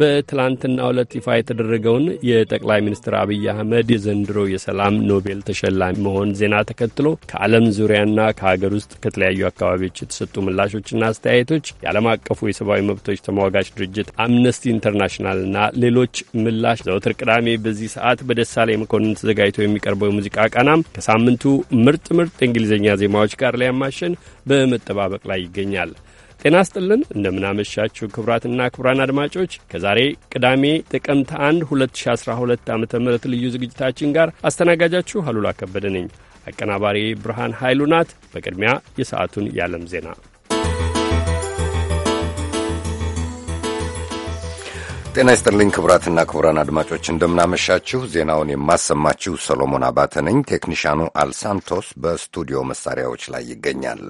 በትላንትና ዕለት ይፋ የተደረገውን የጠቅላይ ሚኒስትር አብይ አህመድ የዘንድሮ የሰላም ኖቤል ተሸላሚ መሆን ዜና ተከትሎ ከዓለም ዙሪያና ከሀገር ውስጥ ከተለያዩ አካባቢዎች የተሰጡ ምላሾችና አስተያየቶች የዓለም አቀፉ የሰብአዊ መብቶች ተሟጋች ድርጅት አምነስቲ ኢንተርናሽናልና ሌሎች ምላሽ ዘወትር ቅዳሜ በዚህ ሰዓት ላይ መኮንን ተዘጋጅቶ የሚቀርበው የሙዚቃ ቃናም ከሳምንቱ ምርጥ ምርጥ የእንግሊዝኛ ዜማዎች ጋር ሊያማሸን በመጠባበቅ ላይ ይገኛል። ጤና ስጥልን እንደምናመሻችሁ ክቡራትና ክቡራን አድማጮች ከዛሬ ቅዳሜ ጥቅምት 1 2012 ዓ ም ልዩ ዝግጅታችን ጋር አስተናጋጃችሁ አሉላ ከበደ ነኝ። አቀናባሪ ብርሃን ኃይሉ ናት። በቅድሚያ የሰዓቱን የዓለም ዜና። ጤና ይስጥልኝ ክቡራትና ክቡራን አድማጮች እንደምናመሻችሁ። ዜናውን የማሰማችሁ ሰሎሞን አባተ ነኝ። ቴክኒሻኑ አልሳንቶስ በስቱዲዮ መሳሪያዎች ላይ ይገኛል።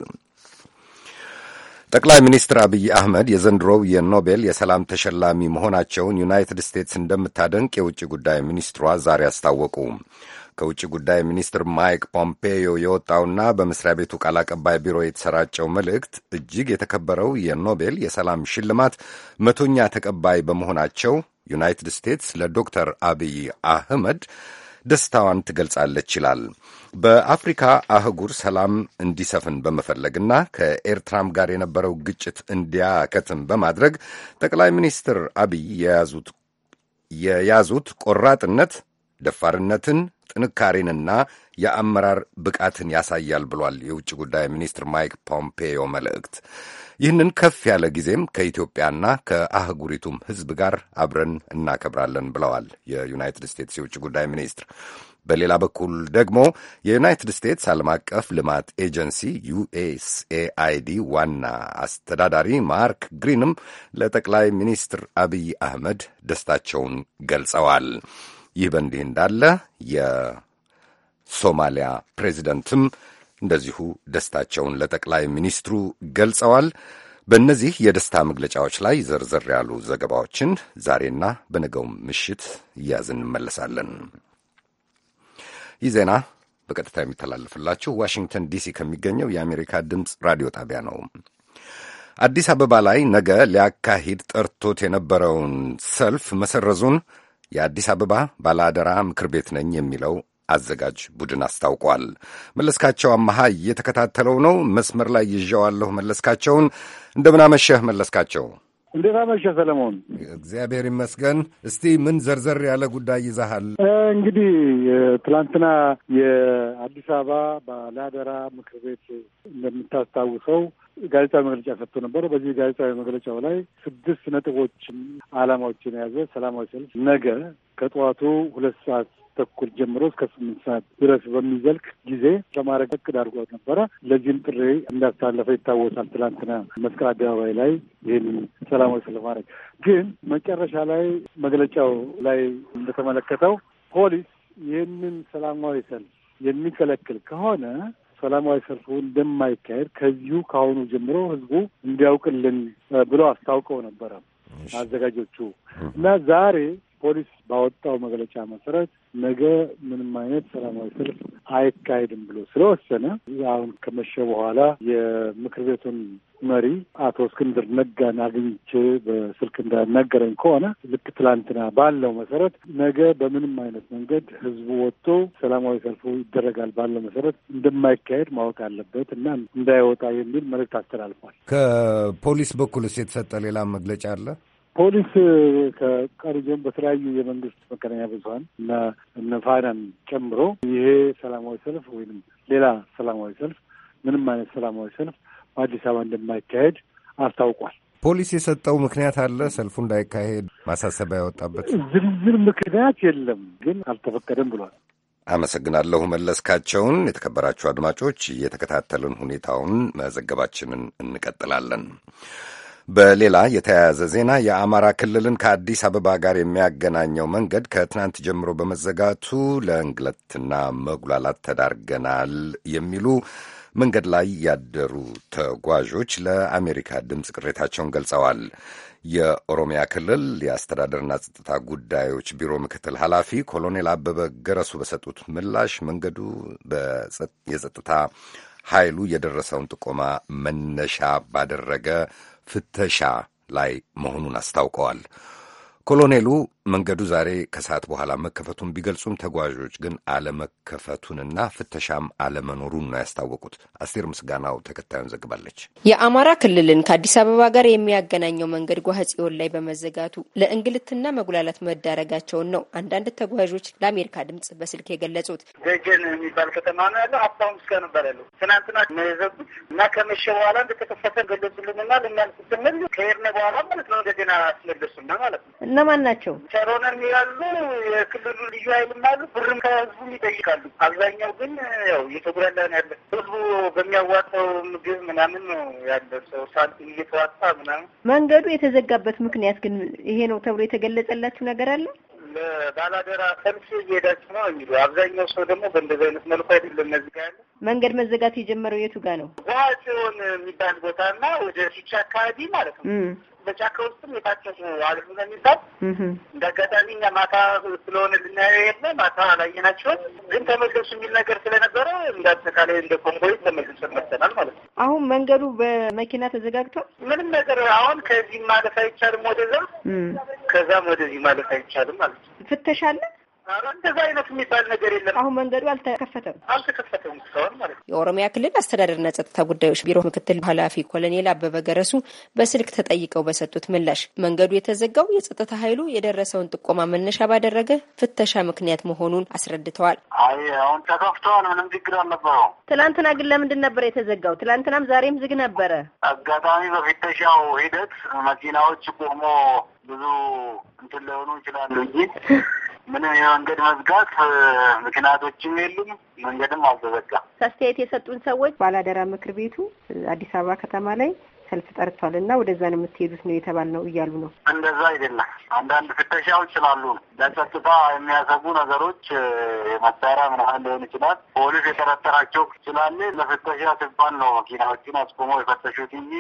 ጠቅላይ ሚኒስትር አብይ አህመድ የዘንድሮው የኖቤል የሰላም ተሸላሚ መሆናቸውን ዩናይትድ ስቴትስ እንደምታደንቅ የውጭ ጉዳይ ሚኒስትሯ ዛሬ አስታወቁ። ከውጭ ጉዳይ ሚኒስትር ማይክ ፖምፔዮ የወጣውና በመስሪያ ቤቱ ቃል አቀባይ ቢሮ የተሰራጨው መልእክት እጅግ የተከበረው የኖቤል የሰላም ሽልማት መቶኛ ተቀባይ በመሆናቸው ዩናይትድ ስቴትስ ለዶክተር አብይ አህመድ ደስታዋን ትገልጻለች ይላል። በአፍሪካ አህጉር ሰላም እንዲሰፍን በመፈለግና ከኤርትራም ጋር የነበረው ግጭት እንዲያከትም በማድረግ ጠቅላይ ሚኒስትር አብይ የያዙት ቆራጥነት ደፋርነትን ጥንካሬንና የአመራር ብቃትን ያሳያል ብሏል የውጭ ጉዳይ ሚኒስትር ማይክ ፖምፔዮ መልእክት። ይህንን ከፍ ያለ ጊዜም ከኢትዮጵያና ከአህጉሪቱም ሕዝብ ጋር አብረን እናከብራለን ብለዋል የዩናይትድ ስቴትስ የውጭ ጉዳይ ሚኒስትር። በሌላ በኩል ደግሞ የዩናይትድ ስቴትስ ዓለም አቀፍ ልማት ኤጀንሲ ዩኤስኤአይዲ ዋና አስተዳዳሪ ማርክ ግሪንም ለጠቅላይ ሚኒስትር አብይ አህመድ ደስታቸውን ገልጸዋል። ይህ በእንዲህ እንዳለ የሶማሊያ ፕሬዚደንትም እንደዚሁ ደስታቸውን ለጠቅላይ ሚኒስትሩ ገልጸዋል። በእነዚህ የደስታ መግለጫዎች ላይ ዘርዘር ያሉ ዘገባዎችን ዛሬና በነገው ምሽት እያዝ እንመለሳለን። ይህ ዜና በቀጥታ የሚተላለፍላችሁ ዋሽንግተን ዲሲ ከሚገኘው የአሜሪካ ድምፅ ራዲዮ ጣቢያ ነው። አዲስ አበባ ላይ ነገ ሊያካሂድ ጠርቶት የነበረውን ሰልፍ መሰረዙን የአዲስ አበባ ባለአደራ ምክር ቤት ነኝ የሚለው አዘጋጅ ቡድን አስታውቋል። መለስካቸው አመሃ እየተከታተለው ነው። መስመር ላይ ይዣዋለሁ መለስካቸውን። እንደምናመሸህ መለስካቸው። እንዴት አመሸ ሰለሞን? እግዚአብሔር ይመስገን። እስቲ ምን ዘርዘር ያለ ጉዳይ ይዛሃል? እንግዲህ ትላንትና የአዲስ አበባ ባለአደራ ምክር ቤት እንደምታስታውሰው ጋዜጣዊ መግለጫ ሰጥቶ ነበረ። በዚህ ጋዜጣዊ መግለጫው ላይ ስድስት ነጥቦችን አላማዎችን የያዘ ሰላማዊ ሰልፍ ነገ ከጠዋቱ ሁለት ሰዓት ተኩል ጀምሮ እስከ ስምንት ሰዓት ድረስ በሚዘልቅ ጊዜ ለማድረግ እቅድ አድርጎ ነበረ። ለዚህም ጥሪ እንዳስተላለፈ ይታወሳል። ትላንትና መስቀል አደባባይ ላይ ይህን ሰላማዊ ሰልፍ ማድረግ ግን መጨረሻ ላይ መግለጫው ላይ እንደተመለከተው ፖሊስ ይህንን ሰላማዊ ሰልፍ የሚከለክል ከሆነ ሰላማዊ ሰልፉ እንደማይካሄድ ከዚሁ ከአሁኑ ጀምሮ ህዝቡ እንዲያውቅልን ብለው አስታውቀው ነበረ አዘጋጆቹ እና ዛሬ ፖሊስ ባወጣው መግለጫ መሰረት ነገ ምንም አይነት ሰላማዊ ሰልፍ አይካሄድም ብሎ ስለወሰነ አሁን ከመሸ በኋላ የምክር ቤቱን መሪ አቶ እስክንድር ነጋን አግኝቼ በስልክ እንዳናገረኝ ከሆነ ልክ ትላንትና ባለው መሰረት ነገ በምንም አይነት መንገድ ህዝቡ ወጥቶ ሰላማዊ ሰልፉ ይደረጋል ባለው መሰረት እንደማይካሄድ ማወቅ አለበት እና እንዳይወጣ የሚል መልእክት አስተላልፏል። ከፖሊስ በኩልስ የተሰጠ ሌላ መግለጫ አለ? ፖሊስ ከቀሩ ጀም በተለያዩ የመንግስት መገናኛ ብዙሀን እና እነ ፋናን ጨምሮ ይሄ ሰላማዊ ሰልፍ ወይም ሌላ ሰላማዊ ሰልፍ ምንም አይነት ሰላማዊ ሰልፍ በአዲስ አበባ እንደማይካሄድ አስታውቋል። ፖሊስ የሰጠው ምክንያት አለ ሰልፉ እንዳይካሄድ ማሳሰቢያ ያወጣበት ዝርዝር ምክንያት የለም፣ ግን አልተፈቀደም ብሏል። አመሰግናለሁ መለስካቸውን። የተከበራችሁ አድማጮች እየተከታተልን ሁኔታውን መዘገባችንን እንቀጥላለን። በሌላ የተያያዘ ዜና የአማራ ክልልን ከአዲስ አበባ ጋር የሚያገናኘው መንገድ ከትናንት ጀምሮ በመዘጋቱ ለእንግለትና መጉላላት ተዳርገናል የሚሉ መንገድ ላይ ያደሩ ተጓዦች ለአሜሪካ ድምፅ ቅሬታቸውን ገልጸዋል። የኦሮሚያ ክልል የአስተዳደርና ጸጥታ ጉዳዮች ቢሮ ምክትል ኃላፊ ኮሎኔል አበበ ገረሱ በሰጡት ምላሽ መንገዱ የጸጥታ ኃይሉ የደረሰውን ጥቆማ መነሻ ባደረገ ፍተሻ ላይ መሆኑን አስታውቀዋል። ኮሎኔሉ መንገዱ ዛሬ ከሰዓት በኋላ መከፈቱን ቢገልጹም ተጓዦች ግን አለመከፈቱንና ፍተሻም አለመኖሩን ነው ያስታወቁት። አስቴር ምስጋናው ተከታዩን ዘግባለች። የአማራ ክልልን ከአዲስ አበባ ጋር የሚያገናኘው መንገድ ጓህጽዮን ላይ በመዘጋቱ ለእንግልትና መጉላላት መዳረጋቸውን ነው አንዳንድ ተጓዦች ለአሜሪካ ድምጽ በስልክ የገለጹት። ደጀን የሚባል ከተማ ነው ያለው። ሀብታሙ ምስጋ ነበር ያለው። ትናንትና መዘጉት እና ከመሸ በኋላ እንደተከፈተ ገለጹልንና ልናልፍ ስንል ከሄድነ በኋላ ማለት ነው እንደገና አስመለሱና ማለት ነው። እነማን ናቸው? ቸሮነም ያሉ የክልሉ ልዩ ኃይልም አሉ ብርም ከህዝቡም ይጠይቃሉ። አብዛኛው ግን ያው እየተጉላላ ነው ያለ። ህዝቡ በሚያዋጣው ምግብ ምናምን ነው ያለ ሰው ሳንቲም እየተዋጣ ምናምን። መንገዱ የተዘጋበት ምክንያት ግን ይሄ ነው ተብሎ የተገለጸላችሁ ነገር አለ? ለባላደራ ሰልፍ እየሄዳችሁ ነው የሚሉ አብዛኛው ሰው ደግሞ በእንደዚህ አይነት መልኩ አይደለም መዝጋ ያለ መንገድ መዘጋት የጀመረው የቱ ጋ ነው? ሲሆን የሚባል ቦታ እና ወደ ፊቻ አካባቢ ማለት ነው በጫካ ውስጥም የታቸው አሉ ስለሚባል እንደ አጋጣሚ እኛ ማታ ስለሆነ ልናየው የለ ማታ አላየናቸውም። ግን ተመለሱ የሚል ነገር ስለነበረ እንደ አጠቃላይ እንደ ኮንቦይ ተመልሰን መተናል ማለት ነው። አሁን መንገዱ በመኪና ተዘጋግቷል። ምንም ነገር አሁን ከዚህ ማለፍ አይቻልም፣ ወደዛ ከዛም ወደዚህ ማለፍ አይቻልም ማለት ነው። ፍተሻለን እንደዛ አይነት የሚባል ነገር የለም። አሁን መንገዱ አልተከፈተም አልተከፈተም እስካሁን ማለት ነው። የኦሮሚያ ክልል አስተዳደርና ጸጥታ ጉዳዮች ቢሮ ምክትል ኃላፊ ኮሎኔል አበበ ገረሱ በስልክ ተጠይቀው በሰጡት ምላሽ መንገዱ የተዘጋው የጸጥታ ኃይሉ የደረሰውን ጥቆማ መነሻ ባደረገ ፍተሻ ምክንያት መሆኑን አስረድተዋል። አይ አሁን ተከፍተዋል፣ ምንም ችግር አልነበረው። ትላንትና ግን ለምንድን ነበር የተዘጋው? ትላንትናም ዛሬም ዝግ ነበረ። አጋጣሚ በፍተሻው ሂደት መኪናዎች ቆሞ ብዙ እንትን ሊሆኑ ይችላሉ እንጂ ምን የመንገድ መዝጋት ምክንያቶችም የሉም። መንገድም አልተዘጋ። አስተያየት የሰጡን ሰዎች ባላደራ ምክር ቤቱ አዲስ አበባ ከተማ ላይ ሰልፍ ጠርቷል እና ወደዛ ነው የምትሄዱት ነው የተባል ነው እያሉ ነው። እንደዛ አይደለም። አንዳንድ ፍተሻዎች ስላሉ ለጸጥታ የሚያሰጉ ነገሮች መሳሪያ ምናምን ሊሆን ይችላል። ፖሊስ የጠረጠራቸው ስላለ ለፍተሻ ሲባል ነው መኪናዎችን አስቆሞ የፈተሹት እንጂ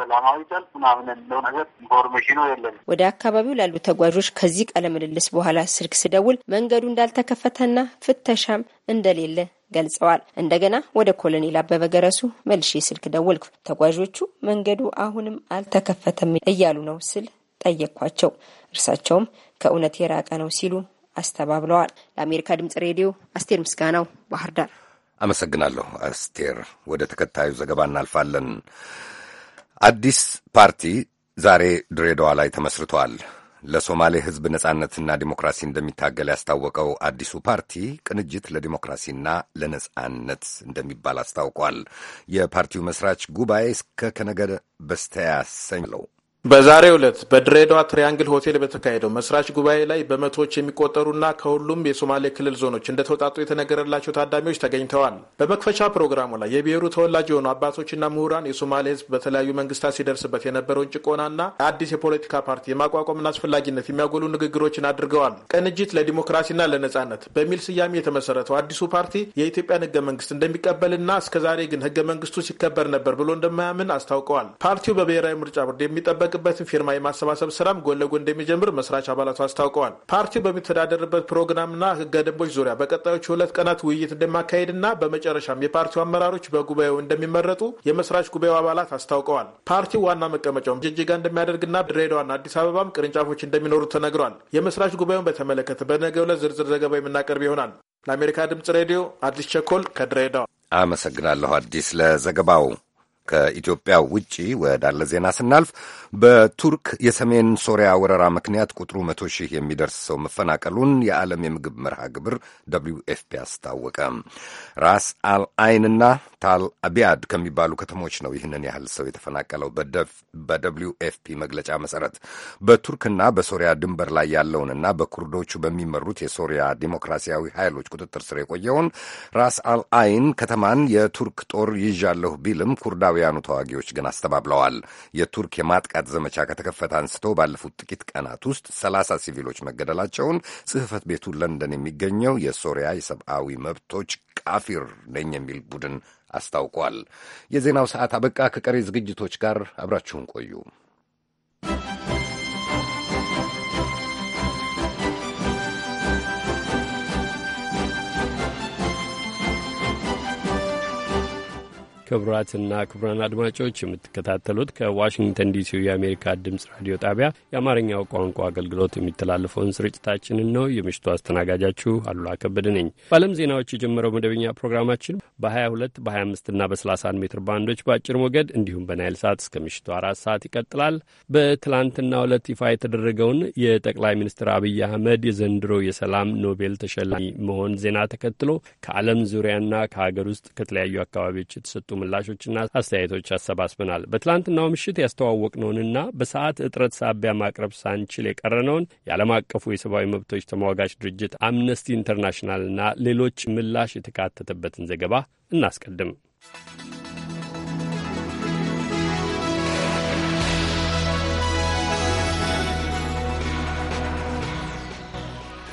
ሰላማዊ ሰልፍ ምናምን ያለው ነገር ኢንፎርሜሽኑ የለም። ወደ አካባቢው ላሉ ተጓዦች ከዚህ ቃለ ምልልስ በኋላ ስልክ ስደውል መንገዱ እንዳልተከፈተና ፍተሻም እንደሌለ ገልጸዋል። እንደገና ወደ ኮሎኔል አበበ ገረሱ መልሼ ስልክ ደወልኩ። ተጓዦቹ መንገዱ አሁንም አልተከፈተም እያሉ ነው ስል ጠየቅኳቸው። እርሳቸውም ከእውነት የራቀ ነው ሲሉ አስተባብለዋል። ለአሜሪካ ድምጽ ሬዲዮ አስቴር ምስጋናው ባህር ዳር። አመሰግናለሁ አስቴር። ወደ ተከታዩ ዘገባ እናልፋለን። አዲስ ፓርቲ ዛሬ ድሬዳዋ ላይ ተመስርቷል። ለሶማሌ ሕዝብ ነጻነትና ዲሞክራሲ እንደሚታገል ያስታወቀው አዲሱ ፓርቲ ቅንጅት ለዲሞክራሲና ለነጻነት እንደሚባል አስታውቋል። የፓርቲው መስራች ጉባኤ እስከ ከነገ በስተያ ሰኞ በዛሬው ዕለት በድሬዳዋ ትሪያንግል ሆቴል በተካሄደው መስራች ጉባኤ ላይ በመቶዎች የሚቆጠሩና ከሁሉም የሶማሌ ክልል ዞኖች እንደተውጣጡ የተነገረላቸው ታዳሚዎች ተገኝተዋል። በመክፈቻ ፕሮግራሙ ላይ የብሔሩ ተወላጅ የሆኑ አባቶችና ምሁራን የሶማሌ ሕዝብ በተለያዩ መንግስታት ሲደርስበት የነበረውን ጭቆናና አዲስ የፖለቲካ ፓርቲ የማቋቋምን አስፈላጊነት የሚያጎሉ ንግግሮችን አድርገዋል። ቅንጅት ለዲሞክራሲና ለነጻነት በሚል ስያሜ የተመሰረተው አዲሱ ፓርቲ የኢትዮጵያን ህገ መንግስት እንደሚቀበልና እስከዛሬ ግን ህገ መንግስቱ ሲከበር ነበር ብሎ እንደማያምን አስታውቀዋል። ፓርቲው በብሔራዊ ምርጫ ቦርድ የሚጠበቅ የሚጠበቅበትን ፊርማ የማሰባሰብ ስራም ጎን ለጎን እንደሚጀምር መስራች አባላቱ አስታውቀዋል። ፓርቲው በሚተዳደርበት ፕሮግራምና ህገ ደንቦች ዙሪያ በቀጣዮቹ ሁለት ቀናት ውይይት እንደማካሄድና በመጨረሻም የፓርቲው አመራሮች በጉባኤው እንደሚመረጡ የመስራች ጉባኤው አባላት አስታውቀዋል። ፓርቲው ዋና መቀመጫውን ጅጅጋ እንደሚያደርግና ድሬዳዋና አዲስ አበባም ቅርንጫፎች እንደሚኖሩ ተነግሯል። የመስራች ጉባኤውን በተመለከተ በነገው ዕለት ዝርዝር ዘገባ የምናቀርብ ይሆናል። ለአሜሪካ ድምጽ ሬዲዮ አዲስ ቸኮል ከድሬዳዋ አመሰግናለሁ። አዲስ ለዘገባው ከኢትዮጵያ ውጪ ወዳለ ዜና ስናልፍ በቱርክ የሰሜን ሶሪያ ወረራ ምክንያት ቁጥሩ መቶ ሺህ የሚደርስ ሰው መፈናቀሉን የዓለም የምግብ መርሃ ግብር ደብሊው ፒ አስታወቀ። ራስ አል አይንና ታል አቢያድ ከሚባሉ ከተሞች ነው ይህንን ያህል ሰው የተፈናቀለው። በደብሊው ኤፍፒ መግለጫ መሰረት በቱርክና በሶሪያ ድንበር ላይ ያለውንና በኩርዶቹ በሚመሩት የሶሪያ ዲሞክራሲያዊ ኃይሎች ቁጥጥር ስር የቆየውን ራስ አል አይን ከተማን የቱርክ ጦር ይዣለሁ ቢልም ኩርዳ ኤርትራውያኑ ተዋጊዎች ግን አስተባብለዋል። የቱርክ የማጥቃት ዘመቻ ከተከፈተ አንስቶ ባለፉት ጥቂት ቀናት ውስጥ ሰላሳ ሲቪሎች መገደላቸውን ጽህፈት ቤቱ ለንደን የሚገኘው የሶሪያ የሰብአዊ መብቶች ቃፊር ነኝ የሚል ቡድን አስታውቋል። የዜናው ሰዓት አበቃ። ከቀሪ ዝግጅቶች ጋር አብራችሁን ቆዩ። ክቡራትና ክቡራን አድማጮች የምትከታተሉት ከዋሽንግተን ዲሲ የአሜሪካ ድምፅ ራዲዮ ጣቢያ የአማርኛው ቋንቋ አገልግሎት የሚተላለፈውን ስርጭታችንን ነው። የምሽቱ አስተናጋጃችሁ አሉላ ከበደ ነኝ። በዓለም ዜናዎች የጀመረው መደበኛ ፕሮግራማችን በ22 በ25ና በ31 ሜትር ባንዶች በአጭር ሞገድ እንዲሁም በናይል ሰዓት እስከ ምሽቱ አራት ሰዓት ይቀጥላል። በትላንትና ዕለት ይፋ የተደረገውን የጠቅላይ ሚኒስትር አብይ አህመድ የዘንድሮ የሰላም ኖቤል ተሸላሚ መሆን ዜና ተከትሎ ከዓለም ዙሪያና ከሀገር ውስጥ ከተለያዩ አካባቢዎች የተሰጡ ምላሾችና አስተያየቶች አሰባስበናል። በትላንትናው ምሽት ያስተዋወቅነውንና በሰዓት እጥረት ሳቢያ ማቅረብ ሳንችል የቀረነውን የዓለም አቀፉ የሰብአዊ መብቶች ተሟጋች ድርጅት አምነስቲ ኢንተርናሽናልና ሌሎች ምላሽ የተካተተበትን ዘገባ እናስቀድም።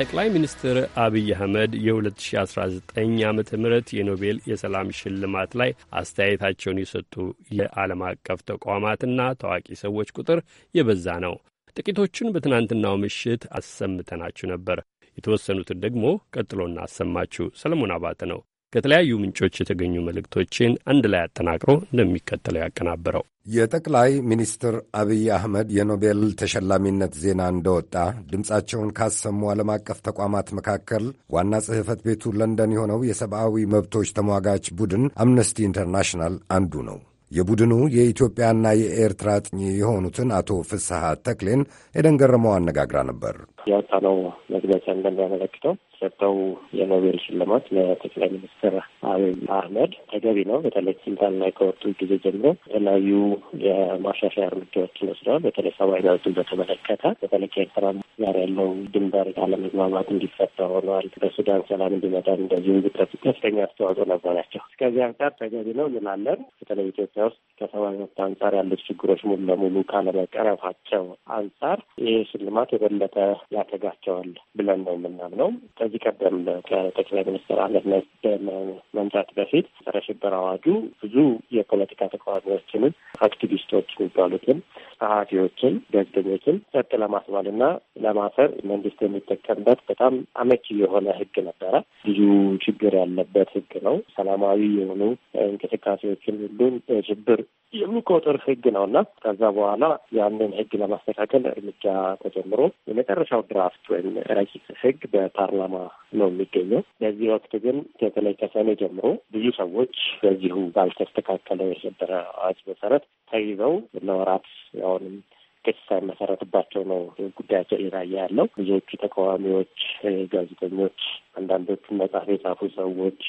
ጠቅላይ ሚኒስትር አብይ አህመድ የ2019 ዓ ም የኖቤል የሰላም ሽልማት ላይ አስተያየታቸውን የሰጡ የዓለም አቀፍ ተቋማትና ታዋቂ ሰዎች ቁጥር የበዛ ነው። ጥቂቶቹን በትናንትናው ምሽት አሰምተናችሁ ነበር። የተወሰኑትን ደግሞ ቀጥሎ እናሰማችሁ። ሰለሞን አባተ ነው ከተለያዩ ምንጮች የተገኙ መልእክቶችን አንድ ላይ አጠናቅሮ እንደሚከተለው ያቀናበረው። የጠቅላይ ሚኒስትር አብይ አህመድ የኖቤል ተሸላሚነት ዜና እንደወጣ ድምፃቸውን ካሰሙ ዓለም አቀፍ ተቋማት መካከል ዋና ጽሕፈት ቤቱ ለንደን የሆነው የሰብአዊ መብቶች ተሟጋች ቡድን አምነስቲ ኢንተርናሽናል አንዱ ነው። የቡድኑ የኢትዮጵያና የኤርትራ አጥኚ የሆኑትን አቶ ፍስሐ ተክሌን ኤደን ገረመው አነጋግራ ነበር። ያወጣነው መግለጫ እንደሚያመለክተው የተሰጠው የኖቤል ሽልማት ለጠቅላይ ሚኒስትር አብይ አህመድ ተገቢ ነው። በተለይ ስልጣን ላይ ከወጡ ጊዜ ጀምሮ የተለያዩ የማሻሻያ እርምጃዎችን ወስደዋል። በተለይ ሰብአዊ መብትን በተመለከተ በተለይ ከኤርትራ ጋር ያለው ድንበር አለመግባባት እንዲፈታ ሆኗል። በሱዳን ሰላም እንዲመጣ እንደዚሁ ከፍተኛ አስተዋጽኦ ነበራቸው። እስከዚህ አንጻር ተገቢ ነው እንላለን። በተለይ ኢትዮጵያ ውስጥ ከሰብአዊ መብት አንጻር ያሉት ችግሮች ሙሉ ለሙሉ ካለመቀረፋቸው አንጻር ይህ ሽልማት የበለጠ ያተጋቸዋል ብለን ነው የምናምነው። ከዚህ ቀደም ከጠቅላይ ሚኒስትር አብይ በመምጣት በፊት ጸረ ሽብር አዋጁ ብዙ የፖለቲካ ተቃዋሚዎችንም አክቲቪስቶች የሚባሉትን ጸሐፊዎችን፣ ጋዜጠኞችን ጸጥ ለማስባልና ለማሰር መንግስት የሚጠቀምበት በጣም አመቺ የሆነ ህግ ነበረ። ብዙ ችግር ያለበት ህግ ነው። ሰላማዊ የሆኑ እንቅስቃሴዎችን ሁሉም ሽብር የሚቆጥር ህግ ነው እና ከዛ በኋላ ያንን ህግ ለማስተካከል እርምጃ ተጀምሮ የመጨረሻው ድራፍት ወይም ረቂቅ ህግ በፓርላማ ነው የሚገኘው። በዚህ ወቅት ግን በተለይ ከሰኔ ጀምሮ ብዙ ሰዎች በዚሁ ባልተስተካከለው የሰበረ አዋጅ መሰረት ተይዘው ለወራት አሁንም ክስ ሳይመሰረትባቸው ነው ጉዳያቸው እየታየ ያለው። ብዙዎቹ ተቃዋሚዎች፣ ጋዜጠኞች፣ አንዳንዶቹ መጽሐፍ የጻፉ ሰዎች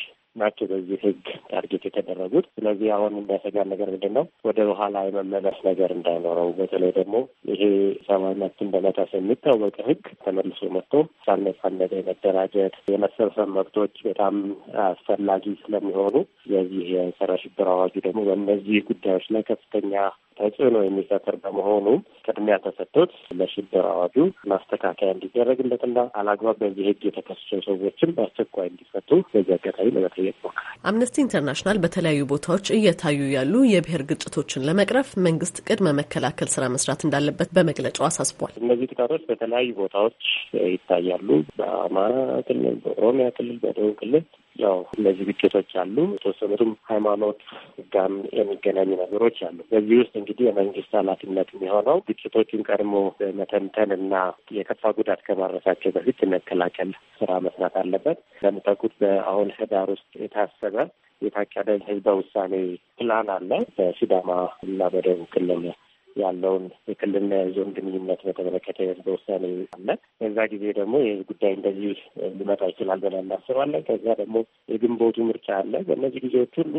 ናቸው በዚህ ህግ ታርጌት የተደረጉት። ስለዚህ አሁን የሚያሰጋን ነገር ምንድን ነው? ወደ በኋላ የመመለስ ነገር እንዳይኖረው፣ በተለይ ደግሞ ይሄ ሰብአዊ መብትን በመጣስ የሚታወቅ ህግ ተመልሶ መጥቶ ሳልነጻነት የመደራጀት የመሰብሰብ መብቶች በጣም አስፈላጊ ስለሚሆኑ የዚህ የጸረ ሽብር አዋጁ ደግሞ በእነዚህ ጉዳዮች ላይ ከፍተኛ ተጽዕኖ የሚፈጥር በመሆኑ ቅድሚያ ተሰጥቶት ለሽብር አዋጁ ማስተካከያ እንዲደረግለትና አላግባብ በዚህ ህግ የተከሰሱ ሰዎችም በአስቸኳይ እንዲፈቱ በዚህ አጋጣሚ ለመጠየቅ ሞክራል። አምነስቲ ኢንተርናሽናል በተለያዩ ቦታዎች እየታዩ ያሉ የብሔር ግጭቶችን ለመቅረፍ መንግስት ቅድመ መከላከል ስራ መስራት እንዳለበት በመግለጫው አሳስቧል። እነዚህ ጥቃቶች በተለያዩ ቦታዎች ይታያሉ። በአማራ ክልል፣ በኦሮሚያ ክልል፣ በደቡብ ክልል ያው እነዚህ ግጭቶች አሉ። የተወሰኑትም ሃይማኖት ጋም የሚገናኙ ነገሮች አሉ። በዚህ ውስጥ እንግዲህ የመንግስት ኃላፊነት የሚሆነው ግጭቶችን ቀድሞ መተንተን እና የከፋ ጉዳት ከማድረሳቸው በፊት መከላከል ስራ መስራት አለበት። ለምታውቁት በአሁን ህዳር ውስጥ የታሰበ የታቀደ ህዝበ ውሳኔ ፕላን አለ በሲዳማ እና በደቡብ ክልል ያለውን የክልልና የዞን ግንኙነት በተመለከተ የህዝበ ውሳኔ አለ። ከዛ ጊዜ ደግሞ የህዝብ ጉዳይ እንደዚህ ሊመጣ ይችላል ብለን እናስባለን። ከዛ ደግሞ የግንቦቱ ምርጫ አለ። በእነዚህ ጊዜዎች ሁሉ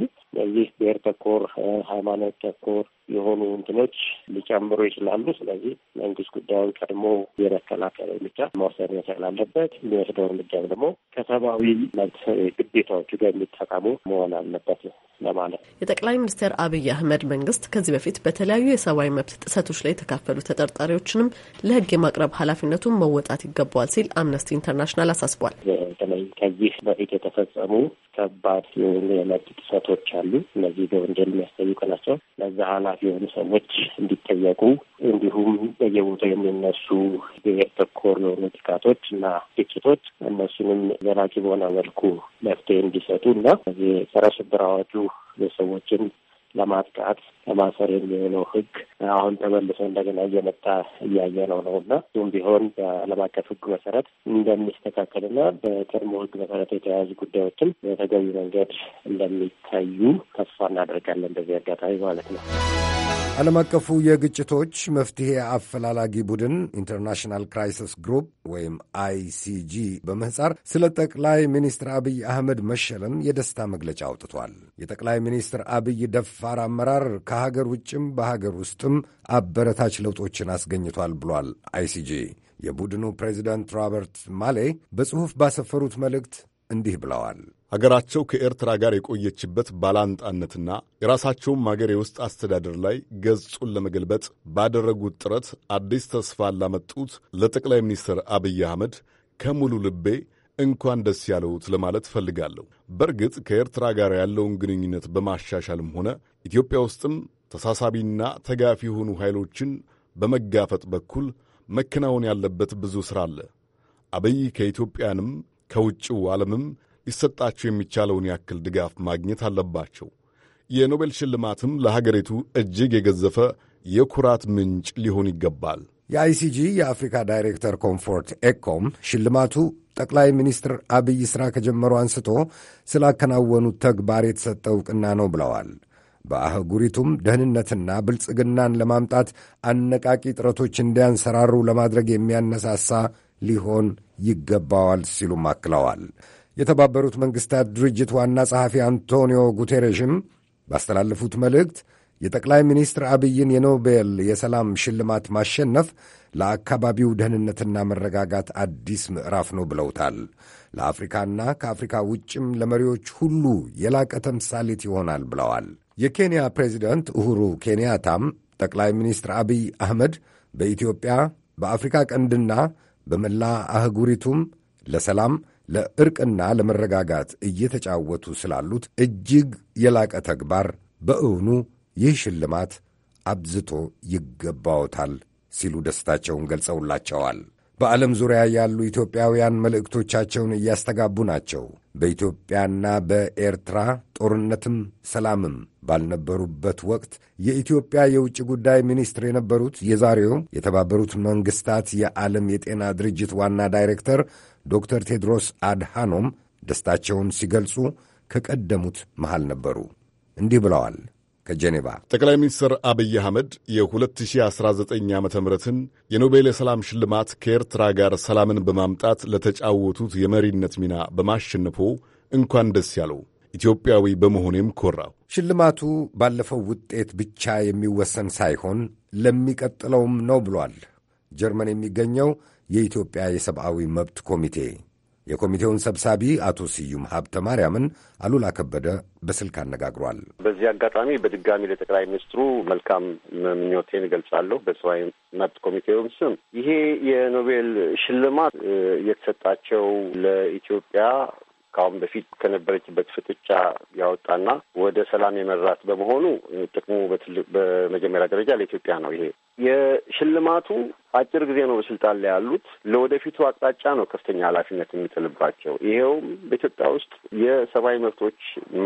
እዚህ ብሔር ተኮር፣ ሃይማኖት ተኮር የሆኑ እንትኖች ሊጨምሩ ይችላሉ። ስለዚህ መንግስት ጉዳዩን ቀድሞ የመከላከል እርምጃ መውሰድ መቻል አለበት። የሚወስደው እርምጃም ደግሞ ከሰብአዊ መብት ግዴታዎቹ ጋር የሚጠቀሙ መሆን አለበት ለማለት የጠቅላይ ሚኒስትር አብይ አህመድ መንግስት ከዚህ በፊት በተለያዩ የሰብአዊ መብት ጥሰቶች ላይ የተካፈሉ ተጠርጣሪዎችንም ለህግ የማቅረብ ኃላፊነቱን መወጣት ይገባዋል ሲል አምነስቲ ኢንተርናሽናል አሳስቧል። በተለይ ከዚህ በፊት የተፈጸሙ ከባድ የሆኑ የመብት ጥሰቶች አሉ። እነዚህ በወንጀል የሚያስጠይቁ ናቸው። ለዛ ኃላፊ የሆኑ ሰዎች እንዲጠየቁ እንዲሁም በየቦታው የሚነሱ ብሔር ተኮር የሆኑ ጥቃቶች እና ግጭቶች እነሱንም ዘላቂ በሆነ መልኩ መፍትሄ እንዲሰጡ እና የጸረ ሽብር አዋጁ የሰዎችን ለማጥቃት ለማሰር የሚሆነው ህግ አሁን ተመልሶ እንደገና እየመጣ እያየ ነው ነው እና እሱም ቢሆን በዓለም አቀፍ ህግ መሰረት እንደሚስተካከልና በቀድሞ ህግ መሰረት የተያያዙ ጉዳዮችም በተገቢ መንገድ እንደሚታዩ ተስፋ እናደርጋለን። በዚህ አጋጣሚ ማለት ነው። ዓለም አቀፉ የግጭቶች መፍትሄ አፈላላጊ ቡድን ኢንተርናሽናል ክራይሲስ ግሩፕ ወይም አይሲጂ በምህጻር ስለ ጠቅላይ ሚኒስትር አብይ አህመድ መሸለም የደስታ መግለጫ አውጥቷል። የጠቅላይ ሚኒስትር አብይ ደፋር አመራር ከሀገር ውጭም በሀገር ውስጥም አበረታች ለውጦችን አስገኝቷል ብሏል አይሲጂ። የቡድኑ ፕሬዚዳንት ሮበርት ማሌ በጽሑፍ ባሰፈሩት መልእክት እንዲህ ብለዋል። ሀገራቸው ከኤርትራ ጋር የቆየችበት ባላንጣነትና የራሳቸውም ሀገር የውስጥ አስተዳደር ላይ ገጹን ለመገልበጥ ባደረጉት ጥረት አዲስ ተስፋ ላመጡት ለጠቅላይ ሚኒስትር አብይ አህመድ ከሙሉ ልቤ እንኳን ደስ ያለውት ለማለት ፈልጋለሁ። በእርግጥ ከኤርትራ ጋር ያለውን ግንኙነት በማሻሻልም ሆነ ኢትዮጵያ ውስጥም ተሳሳቢና ተጋፊ የሆኑ ኃይሎችን በመጋፈጥ በኩል መከናወን ያለበት ብዙ ሥራ አለ። አብይ ከኢትዮጵያንም ከውጭው ዓለምም ሊሰጣቸው የሚቻለውን ያክል ድጋፍ ማግኘት አለባቸው። የኖቤል ሽልማትም ለሀገሪቱ እጅግ የገዘፈ የኩራት ምንጭ ሊሆን ይገባል። የአይሲጂ የአፍሪካ ዳይሬክተር ኮምፎርት ኤኮም ሽልማቱ ጠቅላይ ሚኒስትር አብይ ሥራ ከጀመሩ አንስቶ ስላከናወኑት ተግባር የተሰጠ ዕውቅና ነው ብለዋል። በአህጉሪቱም ደህንነትና ብልጽግናን ለማምጣት አነቃቂ ጥረቶች እንዲያንሰራሩ ለማድረግ የሚያነሳሳ ሊሆን ይገባዋል ሲሉም አክለዋል። የተባበሩት መንግሥታት ድርጅት ዋና ጸሐፊ አንቶኒዮ ጉቴሬሽም ባስተላለፉት መልእክት የጠቅላይ ሚኒስትር አብይን የኖቤል የሰላም ሽልማት ማሸነፍ ለአካባቢው ደህንነትና መረጋጋት አዲስ ምዕራፍ ነው ብለውታል። ለአፍሪካና ከአፍሪካ ውጭም ለመሪዎች ሁሉ የላቀ ተምሳሌት ይሆናል ብለዋል። የኬንያ ፕሬዚደንት ኡሁሩ ኬንያታም ጠቅላይ ሚኒስትር አብይ አህመድ በኢትዮጵያ በአፍሪካ ቀንድና በመላ አህጉሪቱም ለሰላም ለእርቅና ለመረጋጋት እየተጫወቱ ስላሉት እጅግ የላቀ ተግባር በእውኑ ይህ ሽልማት አብዝቶ ይገባዎታል ሲሉ ደስታቸውን ገልጸውላቸዋል። በዓለም ዙሪያ ያሉ ኢትዮጵያውያን መልእክቶቻቸውን እያስተጋቡ ናቸው። በኢትዮጵያና በኤርትራ ጦርነትም ሰላምም ባልነበሩበት ወቅት የኢትዮጵያ የውጭ ጉዳይ ሚኒስትር የነበሩት የዛሬው የተባበሩት መንግሥታት የዓለም የጤና ድርጅት ዋና ዳይሬክተር ዶክተር ቴድሮስ አድሃኖም ደስታቸውን ሲገልጹ ከቀደሙት መሃል ነበሩ። እንዲህ ብለዋል። ከጄኔቫ ጠቅላይ ሚኒስትር አብይ አህመድ የ2019 ዓ ምትን የኖቤል የሰላም ሽልማት ከኤርትራ ጋር ሰላምን በማምጣት ለተጫወቱት የመሪነት ሚና በማሸነፎ እንኳን ደስ ያለው ኢትዮጵያዊ በመሆኔም ኮራው። ሽልማቱ ባለፈው ውጤት ብቻ የሚወሰን ሳይሆን ለሚቀጥለውም ነው ብሏል ጀርመን የሚገኘው የኢትዮጵያ የሰብአዊ መብት ኮሚቴ። የኮሚቴውን ሰብሳቢ አቶ ስዩም ሀብተ ማርያምን አሉላ ከበደ በስልክ አነጋግሯል። በዚህ አጋጣሚ በድጋሚ ለጠቅላይ ሚኒስትሩ መልካም ምኞቴን እገልጻለሁ። በሰብአዊ መብት ኮሚቴውም ስም ይሄ የኖቤል ሽልማት የተሰጣቸው ለኢትዮጵያ ከአሁን በፊት ከነበረችበት ፍጥጫ ያወጣና ወደ ሰላም የመራት በመሆኑ ጥቅሙ በትልቅ በመጀመሪያ ደረጃ ለኢትዮጵያ ነው። ይሄ የሽልማቱ አጭር ጊዜ ነው በስልጣን ላይ ያሉት። ለወደፊቱ አቅጣጫ ነው ከፍተኛ ኃላፊነት የሚጥልባቸው። ይኸውም በኢትዮጵያ ውስጥ የሰብአዊ መብቶች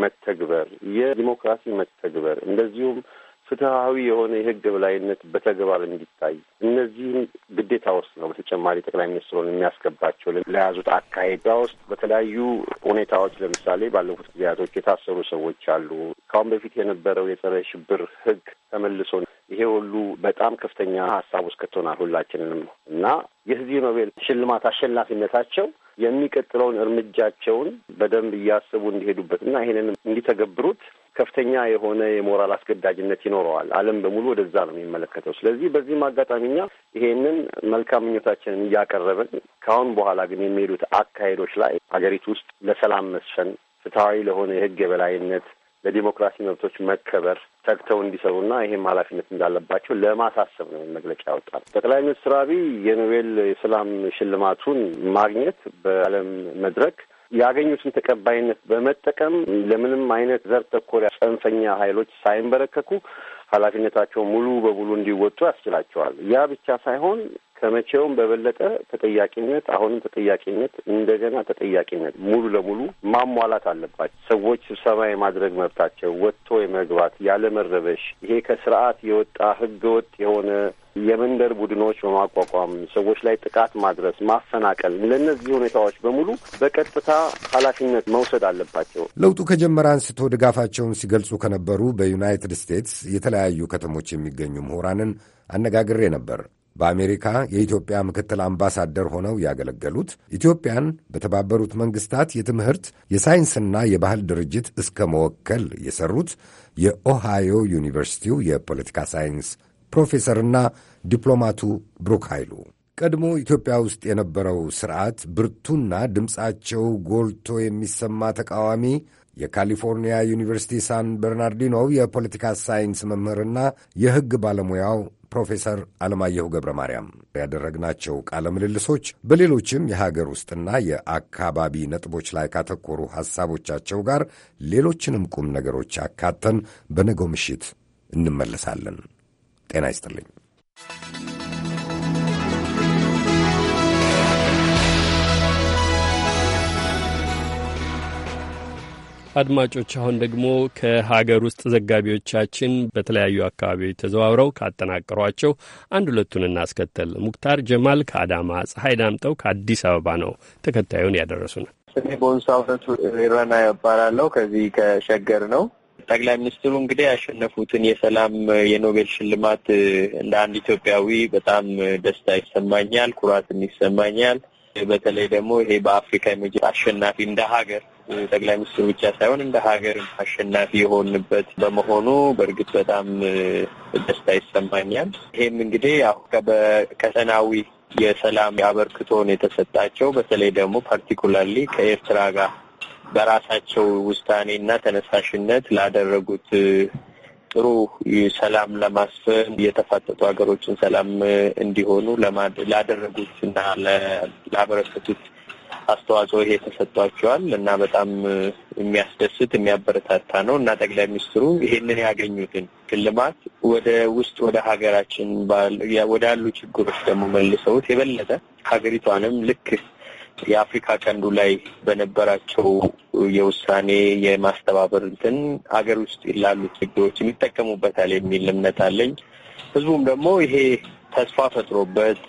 መተግበር፣ የዲሞክራሲ መተግበር እንደዚሁም ፍትሐዊ የሆነ የህግ በላይነት በተግባር እንዲታይ እነዚህም ግዴታ ውስጥ ነው። በተጨማሪ ጠቅላይ ሚኒስትሩን የሚያስገባቸው ለያዙት አካሄድ ውስጥ በተለያዩ ሁኔታዎች ለምሳሌ ባለፉት ጊዜያቶች የታሰሩ ሰዎች አሉ። ካሁን በፊት የነበረው የጸረ ሽብር ህግ ተመልሶ ይሄ ሁሉ በጣም ከፍተኛ ሀሳብ ውስጥ ከቶናል ሁላችንንም እና የዚህ ኖቤል ሽልማት አሸናፊነታቸው የሚቀጥለውን እርምጃቸውን በደንብ እያሰቡ እንዲሄዱበትና ይሄንንም እንዲተገብሩት ከፍተኛ የሆነ የሞራል አስገዳጅነት ይኖረዋል። ዓለም በሙሉ ወደዛ ነው የሚመለከተው። ስለዚህ በዚህም አጋጣሚኛ ይሄንን መልካም ምኞታችንን እያቀረብን ከአሁን በኋላ ግን የሚሄዱት አካሄዶች ላይ ሀገሪቱ ውስጥ ለሰላም መስፈን፣ ፍትሐዊ ለሆነ የህግ የበላይነት፣ ለዲሞክራሲ መብቶች መከበር ተግተው እንዲሰሩና ይህም ኃላፊነት እንዳለባቸው ለማሳሰብ ነው መግለጫ ያወጣል። ጠቅላይ ሚኒስትር አብይ የኖቤል የሰላም ሽልማቱን ማግኘት በዓለም መድረክ ያገኙትን ተቀባይነት በመጠቀም ለምንም አይነት ዘር ተኮር ጽንፈኛ ኃይሎች ሳይንበረከኩ ኃላፊነታቸውን ሙሉ በሙሉ እንዲወጡ ያስችላቸዋል። ያ ብቻ ሳይሆን ከመቼውም በበለጠ ተጠያቂነት፣ አሁንም ተጠያቂነት፣ እንደገና ተጠያቂነት ሙሉ ለሙሉ ማሟላት አለባቸው። ሰዎች ስብሰባ የማድረግ መብታቸው፣ ወጥቶ የመግባት ያለመረበሽ፣ ይሄ ከስርዓት የወጣ ህገወጥ የሆነ የመንደር ቡድኖች በማቋቋም ሰዎች ላይ ጥቃት ማድረስ፣ ማፈናቀል፣ ለእነዚህ ሁኔታዎች በሙሉ በቀጥታ ኃላፊነት መውሰድ አለባቸው። ለውጡ ከጀመረ አንስቶ ድጋፋቸውን ሲገልጹ ከነበሩ በዩናይትድ ስቴትስ የተለያዩ ከተሞች የሚገኙ ምሁራንን አነጋግሬ ነበር። በአሜሪካ የኢትዮጵያ ምክትል አምባሳደር ሆነው ያገለገሉት ኢትዮጵያን በተባበሩት መንግስታት የትምህርት የሳይንስና የባህል ድርጅት እስከ መወከል የሰሩት የኦሃዮ ዩኒቨርሲቲው የፖለቲካ ሳይንስ ፕሮፌሰርና ዲፕሎማቱ ብሩክ ኃይሉ ቀድሞ ኢትዮጵያ ውስጥ የነበረው ስርዓት ብርቱና ድምፃቸው ጎልቶ የሚሰማ ተቃዋሚ የካሊፎርኒያ ዩኒቨርሲቲ ሳን በርናርዲኖው የፖለቲካ ሳይንስ መምህርና የሕግ ባለሙያው ፕሮፌሰር አለማየሁ ገብረ ማርያም ያደረግናቸው ቃለ ምልልሶች በሌሎችም የሀገር ውስጥና የአካባቢ ነጥቦች ላይ ካተኮሩ ሐሳቦቻቸው ጋር ሌሎችንም ቁም ነገሮች አካተን በነገው ምሽት እንመለሳለን። ጤና ይስጥልኝ። አድማጮች አሁን ደግሞ ከሀገር ውስጥ ዘጋቢዎቻችን በተለያዩ አካባቢዎች ተዘዋውረው ካጠናቀሯቸው አንድ ሁለቱን እናስከተል። ሙክታር ጀማል ከአዳማ፣ ፀሐይ ዳምጠው ከአዲስ አበባ ነው ተከታዩን ያደረሱን። ስሜ በወንሱ ውነቱ ረና እባላለሁ። ከዚህ ከሸገር ነው። ጠቅላይ ሚኒስትሩ እንግዲህ ያሸነፉትን የሰላም የኖቤል ሽልማት እንደ አንድ ኢትዮጵያዊ በጣም ደስታ ይሰማኛል፣ ኩራትም ይሰማኛል። በተለይ ደግሞ ይሄ በአፍሪካ የመጀ አሸናፊ እንደ ሀገር ጠቅላይ ሚኒስትሩ ብቻ ሳይሆን እንደ ሀገር አሸናፊ የሆንበት በመሆኑ በእርግጥ በጣም ደስታ ይሰማኛል። ይሄም እንግዲህ አሁን ከሰናዊ የሰላም አበርክቶን የተሰጣቸው በተለይ ደግሞ ፓርቲኩላርሊ ከኤርትራ ጋር በራሳቸው ውሳኔና ተነሳሽነት ላደረጉት ጥሩ ሰላም ለማስፈን የተፋጠጡ ሀገሮችን ሰላም እንዲሆኑ ላደረጉት እና ላበረከቱት አስተዋጽኦ ይሄ ተሰጥቷቸዋል እና በጣም የሚያስደስት የሚያበረታታ ነው እና ጠቅላይ ሚኒስትሩ ይሄንን ያገኙትን ሽልማት ወደ ውስጥ ወደ ሀገራችን ወዳሉ ችግሮች ደግሞ መልሰውት የበለጠ ሀገሪቷንም ልክ የአፍሪካ ቀንዱ ላይ በነበራቸው የውሳኔ የማስተባበር እንትን ሀገር ውስጥ ላሉ ችግሮች የሚጠቀሙበታል የሚል እምነት አለኝ። ህዝቡም ደግሞ ይሄ ተስፋ ፈጥሮበት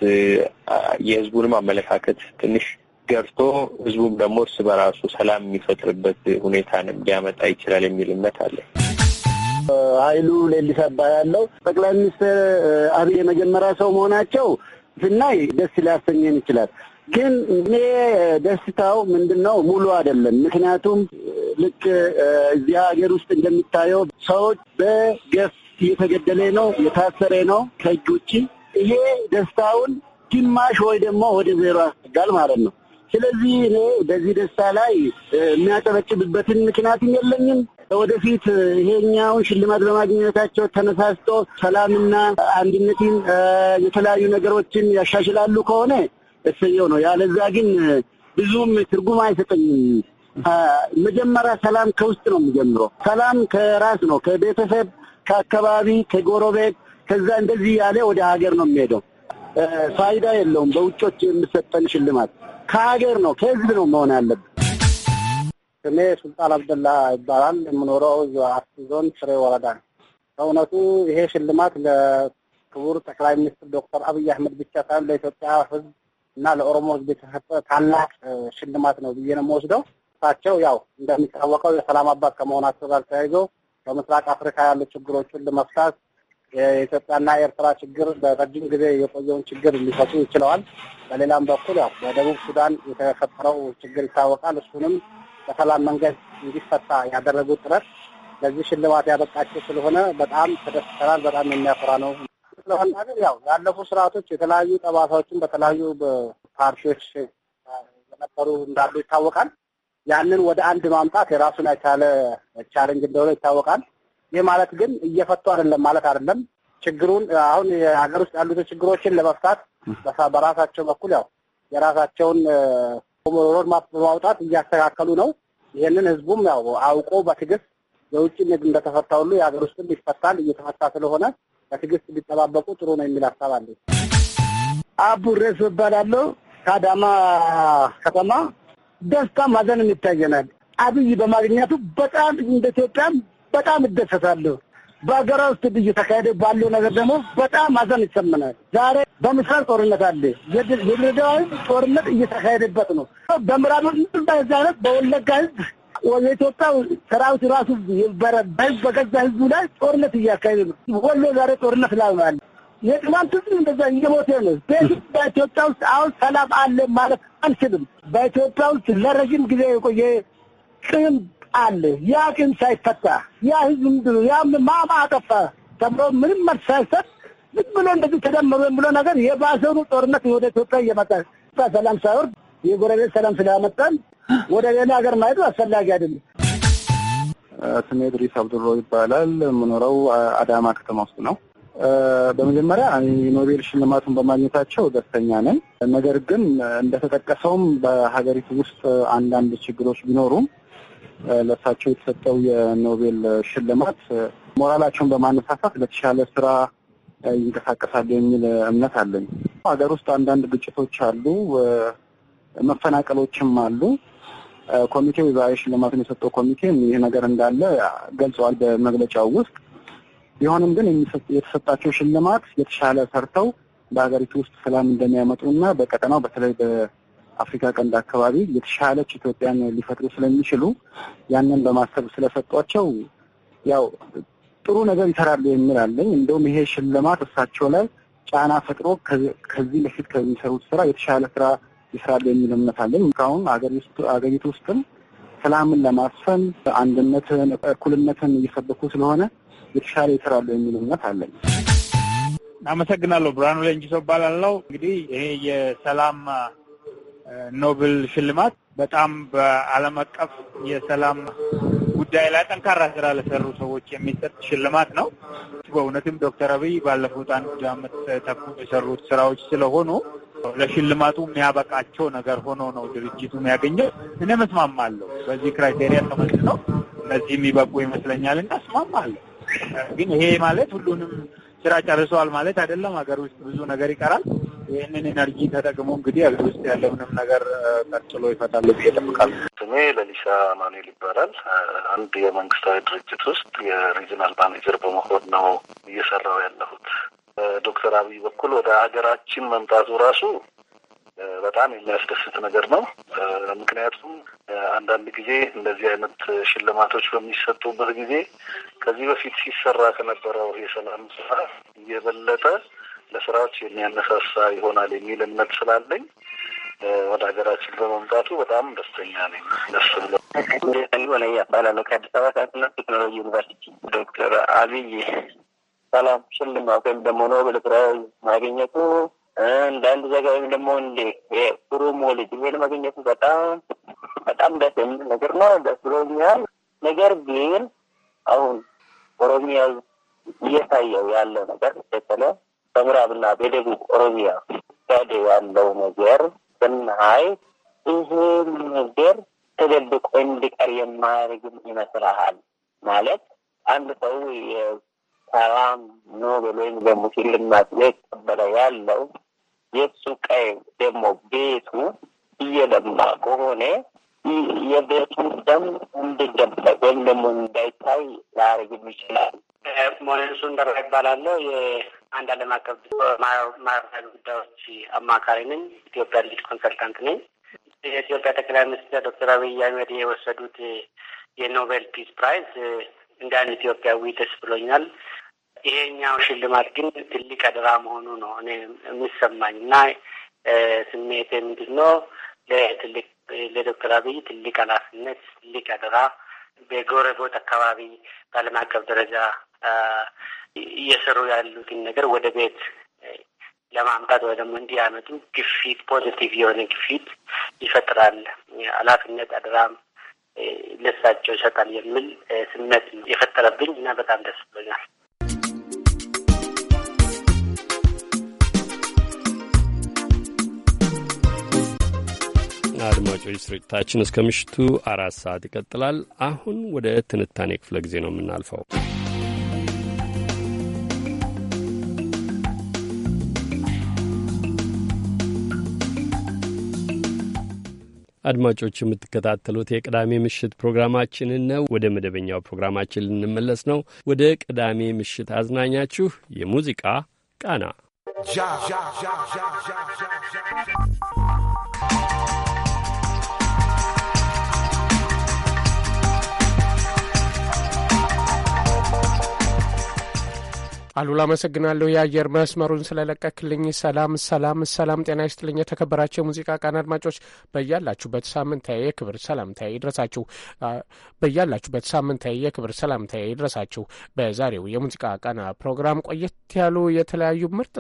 የህዝቡንም አመለካከት ትንሽ ገርቶ ህዝቡም ደግሞ እርስ በራሱ ሰላም የሚፈጥርበት ሁኔታን ሊያመጣ ይችላል የሚል እምነት አለ። ሀይሉ ሌሊሳ እባላለሁ። ጠቅላይ ሚኒስትር አብይ የመጀመሪያ ሰው መሆናቸው ስናይ ደስ ሊያሰኘን ይችላል። ግን እኔ ደስታው ምንድን ነው ሙሉ አይደለም። ምክንያቱም ልክ እዚያ ሀገር ውስጥ እንደሚታየው ሰዎች በገፍ እየተገደለ ነው፣ የታሰረ ነው ከእጅ ውጭ። ይሄ ደስታውን ግማሽ ወይ ደግሞ ወደ ዜሮ ያስጋል ማለት ነው። ስለዚህ እኔ በዚህ ደስታ ላይ የሚያጨበጭብበትን ምክንያትም የለኝም። ወደፊት ይሄኛውን ሽልማት በማግኘታቸው ተነሳስቶ ሰላምና አንድነትን የተለያዩ ነገሮችን ያሻሽላሉ ከሆነ እሰየው ነው። ያለዛ ግን ብዙም ትርጉም አይሰጠኝም። መጀመሪያ ሰላም ከውስጥ ነው የሚጀምረው። ሰላም ከራስ ነው፣ ከቤተሰብ፣ ከአካባቢ፣ ከጎረቤት ከዛ እንደዚህ ያለ ወደ ሀገር ነው የሚሄደው። ፋይዳ የለውም በውጮች የምሰጠን ሽልማት። ከሀገር ነው ከህዝብ ነው መሆን ያለብን። ስሜ ሱልጣን አብደላ ይባላል። የምኖረው አርሲ ዞን ስሬ ወረዳ ነው። በእውነቱ ይሄ ሽልማት ለክቡር ጠቅላይ ሚኒስትር ዶክተር አብይ አህመድ ብቻ ሳይሆን ለኢትዮጵያ ህዝብ እና ለኦሮሞ ህዝብ የተሰጠ ታላቅ ሽልማት ነው ብዬ ነው የምወስደው። እሳቸው ያው እንደሚታወቀው የሰላም አባት ከመሆናቸው ጋር ተያይዞ በምስራቅ አፍሪካ ያሉ ችግሮችን ለመፍታት የኢትዮጵያና የኤርትራ ችግር ለረጅም ጊዜ የቆየውን ችግር ሊፈቱ ይችለዋል። በሌላም በኩል ያው በደቡብ ሱዳን የተፈጠረው ችግር ይታወቃል። እሱንም በሰላም መንገድ እንዲፈታ ያደረጉ ጥረት ለዚህ ሽልማት ያበቃቸው ስለሆነ በጣም ተደስተናል። በጣም የሚያኮራ ነው። ያው ያለፉ ስርዓቶች የተለያዩ ጠባሳዎችን በተለያዩ ፓርቲዎች የነበሩ እንዳሉ ይታወቃል። ያንን ወደ አንድ ማምጣት የራሱን የቻለ ቻለንጅ እንደሆነ ይታወቃል። ይህ ማለት ግን እየፈቱ አይደለም ማለት አይደለም። ችግሩን አሁን የሀገር ውስጥ ያሉትን ችግሮችን ለመፍታት በራሳቸው በኩል ያው የራሳቸውን ሮድማፕ በማውጣት እያስተካከሉ ነው። ይህንን ህዝቡም ያው አውቆ በትዕግስት የውጭ ንግድ እንደተፈታ ሁሉ የሀገር ውስጥም ይፈታል እየተፈታ ስለሆነ በትዕግስት ቢጠባበቁ ጥሩ ነው የሚል ሀሳብ አለ። አቡ ሬስ እባላለሁ ከአዳማ ከተማ። ደስታ ማዘን የሚታየናል። አብይ በማግኘቱ በጣም እንደ ኢትዮጵያም በጣም እደሰታለሁ። በሀገራ ውስጥ እየተካሄደ ባለው ነገር ደግሞ በጣም ሀዘን ይሰማናል። ዛሬ በምስራቅ ጦርነት አለ። የድሬዳዋ ጦርነት እየተካሄደበት ነው። በምዕራብ ህዝብ አይነት በወለጋ ህዝብ የኢትዮጵያ ሰራዊት ራሱ በህዝብ በገዛ ህዝቡ ላይ ጦርነት እያካሄደ ነው። ወሎ ዛሬ ጦርነት ላይ ነው ያለ። የቅማንት ህዝብ እንደዛ እየሞተ ነው። በኢትዮጵያ ውስጥ አሁን ሰላም አለ ማለት አንችልም። በኢትዮጵያ ውስጥ ለረዥም ጊዜ የቆየ ቅም አለ። ያ ግን ሳይፈታ ያ ህዝብ ያ ማማ አጠፋ ተብሎ ምንም መልስ ሳይሰጥ ዝም ብሎ እንደዚህ ተደመሩ ብሎ ነገር የባሰሩ ጦርነት ወደ ኢትዮጵያ እየመጣ ሰላም ሳይወርድ የጎረቤት ሰላም ስላመጣን ወደ ሌላ ሀገር ማየቱ አስፈላጊ አይደለም። ስሜ ድሪስ አብዱሮ ይባላል። የምኖረው አዳማ ከተማ ውስጥ ነው። በመጀመሪያ የኖቤል ሽልማቱን በማግኘታቸው ደስተኛ ነን። ነገር ግን እንደተጠቀሰውም በሀገሪቱ ውስጥ አንዳንድ ችግሮች ቢኖሩም ለእሳቸው የተሰጠው የኖቤል ሽልማት ሞራላቸውን በማነሳሳት ለተሻለ ስራ ይንቀሳቀሳሉ የሚል እምነት አለኝ። ሀገር ውስጥ አንዳንድ ግጭቶች አሉ፣ መፈናቀሎችም አሉ። ኮሚቴው የዛሬ ሽልማቱን የሰጠው ኮሚቴ ይህ ነገር እንዳለ ገልጸዋል በመግለጫው ውስጥ። ቢሆንም ግን የተሰጣቸው ሽልማት የተሻለ ሰርተው በሀገሪቱ ውስጥ ሰላም እንደሚያመጡ እና በቀጠናው በተለይ አፍሪካ ቀንድ አካባቢ የተሻለች ኢትዮጵያን ሊፈጥሩ ስለሚችሉ ያንን በማሰብ ስለሰጧቸው ያው ጥሩ ነገር ይሰራሉ የሚል አለኝ። እንደውም ይሄ ሽልማት እሳቸው ላይ ጫና ፈጥሮ ከዚህ በፊት ከሚሰሩት ስራ የተሻለ ስራ ይሰራሉ የሚል እምነት አለኝ። እስካሁን አገሪቱ ውስጥም ሰላምን ለማስፈን አንድነትን፣ እኩልነትን እየሰበኩ ስለሆነ የተሻለ ይሰራሉ የሚል እምነት አለኝ። አመሰግናለሁ። ብርሃኑ ሌንጅሶ እባላለሁ። እንግዲህ ይሄ የሰላም ኖብል ሽልማት በጣም በዓለም አቀፍ የሰላም ጉዳይ ላይ ጠንካራ ስራ ለሰሩ ሰዎች የሚሰጥ ሽልማት ነው። በእውነትም ዶክተር አብይ ባለፉት አንድ ዓመት ተኩል የሰሩት ስራዎች ስለሆኑ ለሽልማቱ የሚያበቃቸው ነገር ሆኖ ነው ድርጅቱ የሚያገኘው። እኔ መስማማለሁ። በዚህ ክራይቴሪያ ነው እነዚህ የሚበቁ ይመስለኛል እና እስማማለሁ። ግን ይሄ ማለት ሁሉንም ስራ ጨርሰዋል ማለት አይደለም። ሀገር ውስጥ ብዙ ነገር ይቀራል። ይህንን ኤነርጂ ተጠቅሞ እንግዲህ ሀገር ውስጥ ያለውንም ነገር ቀጥሎ ይፈታሉ ብዬ ጠብቃል። ስሜ ለሊሳ ማኑኤል ይባላል። አንድ የመንግስታዊ ድርጅት ውስጥ የሪጅናል ማኔጀር በመሆን ነው እየሰራው ያለሁት። ዶክተር አብይ በኩል ወደ ሀገራችን መምጣቱ ራሱ በጣም የሚያስደስት ነገር ነው። ምክንያቱም አንዳንድ ጊዜ እንደዚህ አይነት ሽልማቶች በሚሰጡበት ጊዜ ከዚህ በፊት ሲሰራ ከነበረው የሰላም ስራ እየበለጠ ለስራዎች የሚያነሳሳ ይሆናል የሚል እምነት ስላለኝ ወደ ሀገራችን በመምጣቱ በጣም ደስተኛ ነኝ። ደስ ብሎ ሆነ እባላለሁ ከአዲስ አበባ ሳይንስና ቴክኖሎጂ ዩኒቨርሲቲ ዶክተር አብይ ሰላም ሽልማት ወይም ደግሞ ኖቤል ፕራይዝ ማግኘቱ እንደ አንድ ዘጋቢ ደግሞ እንዴ ኦሮሞ ልጅ ይሄን ማግኘቱ በጣም በጣም ደስ የሚል ነገር ነው። ደስ ብሎኛል። ነገር ግን አሁን ኦሮሚያ እየታየው ያለው ነገር በተለይ በምዕራብና በደቡብ ኦሮሚያ ያደ ያለው ነገር ስናይ ይሄ ነገር ተደብቆ እንዲቀር የማያደርግም ይመስልሃል ማለት አንድ ሰው ሰላም ነው ወይም ሙስሊም ማስቤ ቀበለ ያለው የእሱ ቀይ ደግሞ ቤቱ እየለማ ከሆነ የቤቱ ደም እንድደበ ወይም ደግሞ እንዳይታይ ላያደርግም ይችላል። ሞኔሱ እንደራ ይባላለሁ። የአንድ ዓለም አቀፍ ማህበራዊ ጉዳዮች አማካሪ ነኝ። ኢትዮጵያ ልጅ ኮንሰልታንት ነኝ። የኢትዮጵያ ጠቅላይ ሚኒስትር ዶክተር አብይ አህመድ የወሰዱት የኖቤል ፒስ ፕራይዝ እንደ አንድ ኢትዮጵያዊ ደስ ብሎኛል። ይሄኛው ሽልማት ግን ትልቅ አደራ መሆኑ ነው እኔ የሚሰማኝ እና ስሜቴ ምንድን ነው ለትልቅ ለዶክተር አብይ ትልቅ ኃላፊነት ትልቅ አደራ በጎረቤት አካባቢ በዓለም አቀፍ ደረጃ እየሰሩ ያሉትን ነገር ወደ ቤት ለማምጣት ወይ ደግሞ እንዲያመጡ ግፊት ፖዚቲቭ የሆነ ግፊት ይፈጥራል። ኃላፊነት አደራም ለሳቸው ይሰጣል የሚል ስሜት የፈጠረብኝ እና በጣም ደስ ብሎኛል። አድማጮች ስርጭታችን እስከ ምሽቱ አራት ሰዓት ይቀጥላል። አሁን ወደ ትንታኔ ክፍለ ጊዜ ነው የምናልፈው። አድማጮች የምትከታተሉት የቅዳሜ ምሽት ፕሮግራማችንን ነው። ወደ መደበኛው ፕሮግራማችን ልንመለስ ነው። ወደ ቅዳሜ ምሽት አዝናኛችሁ የሙዚቃ ቃና አሉላ አመሰግናለሁ። የአየር መስመሩን ስለለቀክልኝ። ሰላም ሰላም ሰላም፣ ጤና ይስጥልኝ። የተከበራቸው የሙዚቃ ቃን አድማጮች በያላችሁበት ሳምንታዊ የክብር ሰላምታዬ ይድረሳችሁ። በያላችሁበት ሳምንታዊ የክብር ሰላምታዬ ይድረሳችሁ። በዛሬው የሙዚቃ ቃና ፕሮግራም ቆየት ያሉ የተለያዩ ምርጥ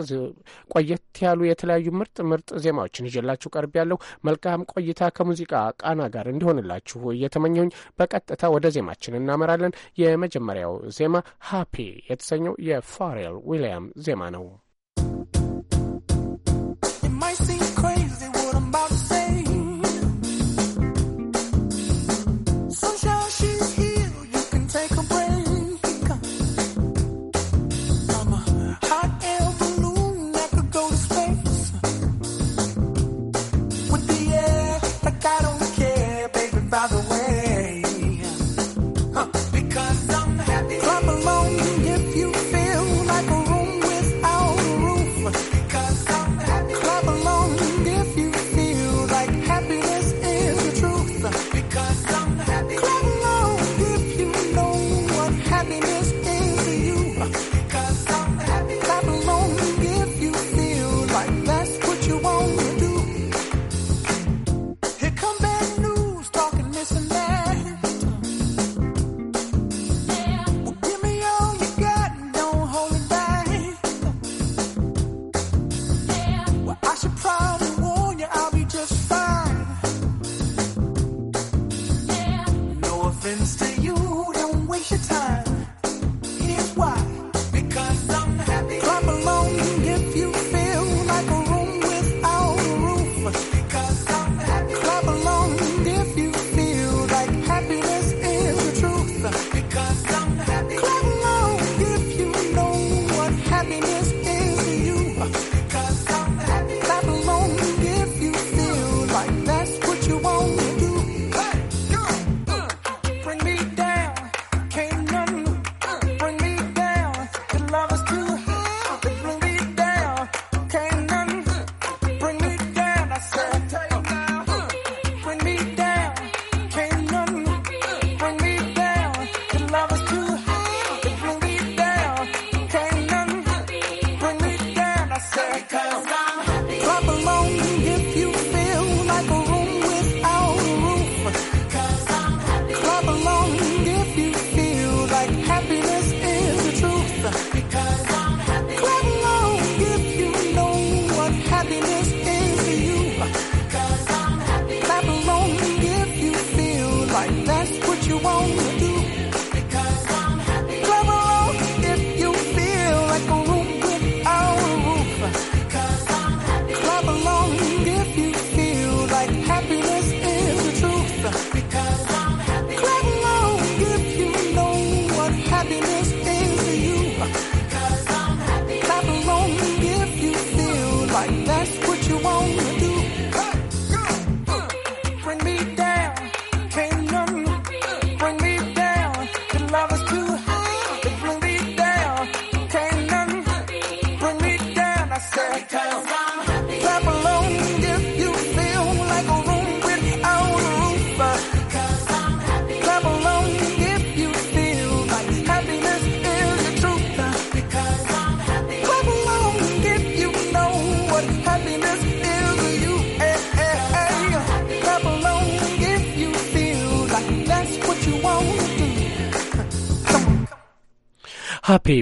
ቆየት ያሉ የተለያዩ ምርጥ ምርጥ ዜማዎችን ይዤላችሁ ቀርብ ያለው መልካም ቆይታ ከሙዚቃ ቃና ጋር እንዲሆንላችሁ እየተመኘሁኝ በቀጥታ ወደ ዜማችን እናመራለን። የመጀመሪያው ዜማ ሀፒ የተሰኘው የፋ ፋሬል ዊልያም ዜማ ነው። By the way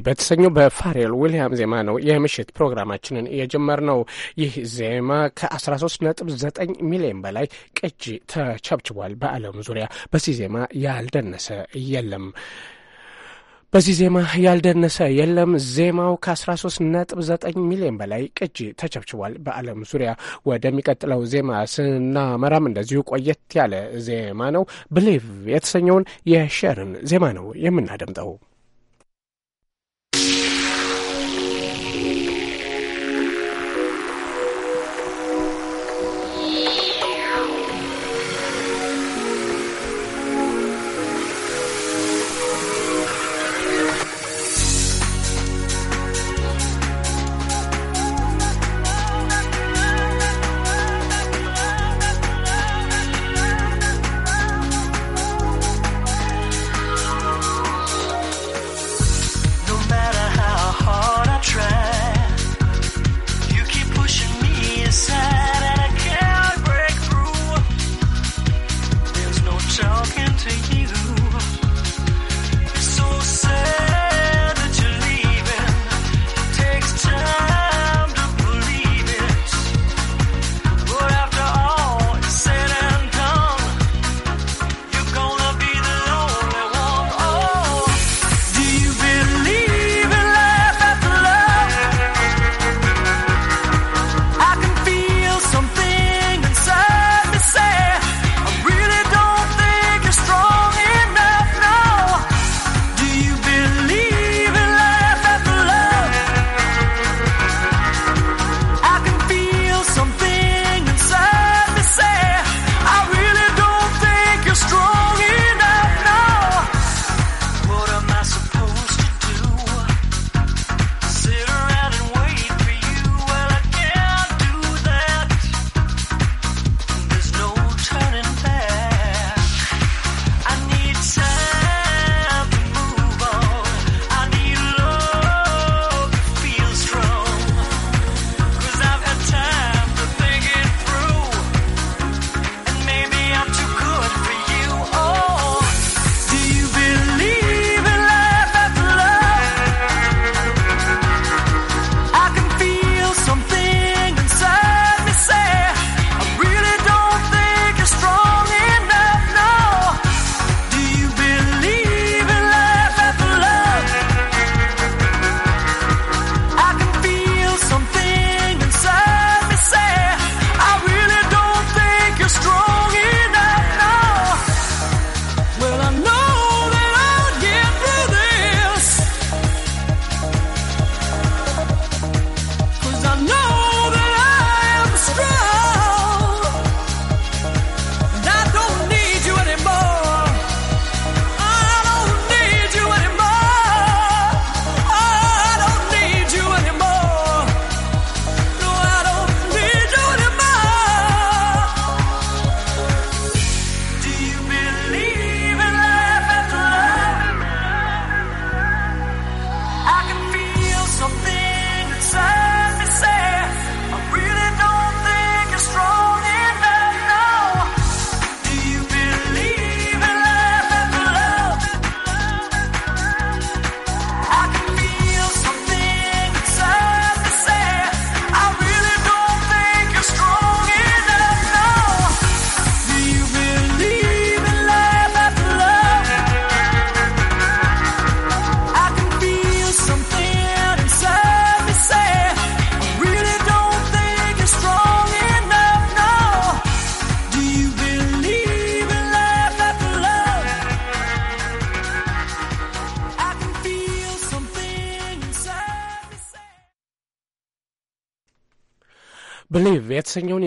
በተሰኘው በፋሬል ዊልያም ዜማ ነው የምሽት ፕሮግራማችንን ነው። ይህ ዜማ ከ13.9 ሚሊዮን በላይ ቅጂ ተቸብችቧል በዓለም ዙሪያ። በዚህ ዜማ ያልደነሰ የለም በዚህ ዜማ ያልደነሰ የለም። ዜማው ከ13.9 ሚሊዮን በላይ ቅጂ ተቸብችቧል በዓለም ዙሪያ። ወደሚቀጥለው ዜማ ስናመራም እንደዚሁ ቆየት ያለ ዜማ ነው። ብሊቭ የተሰኘውን የሸርን ዜማ ነው የምናደምጠው።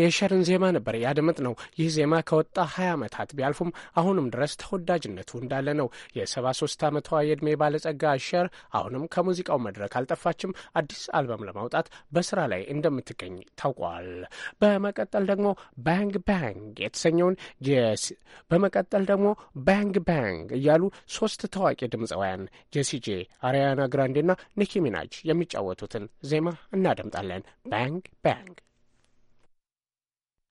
የሸርን ዜማ ነበር ያደመጥ ነው። ይህ ዜማ ከወጣ ሀያ ዓመታት ቢያልፉም አሁንም ድረስ ተወዳጅነቱ እንዳለ ነው። የ73 ዓመቷ የዕድሜ ባለጸጋ ሸር አሁንም ከሙዚቃው መድረክ አልጠፋችም። አዲስ አልበም ለማውጣት በስራ ላይ እንደምትገኝ ታውቋል። በመቀጠል ደግሞ ባንግ ባንግ የተሰኘውን በመቀጠል ደግሞ ባንግ ባንግ እያሉ ሶስት ታዋቂ ድምፃውያን ጄሲጄ፣ አሪያና ግራንዴና ኒኪ ሚናጅ የሚጫወቱትን ዜማ እናደምጣለን። ባንግ ባንግ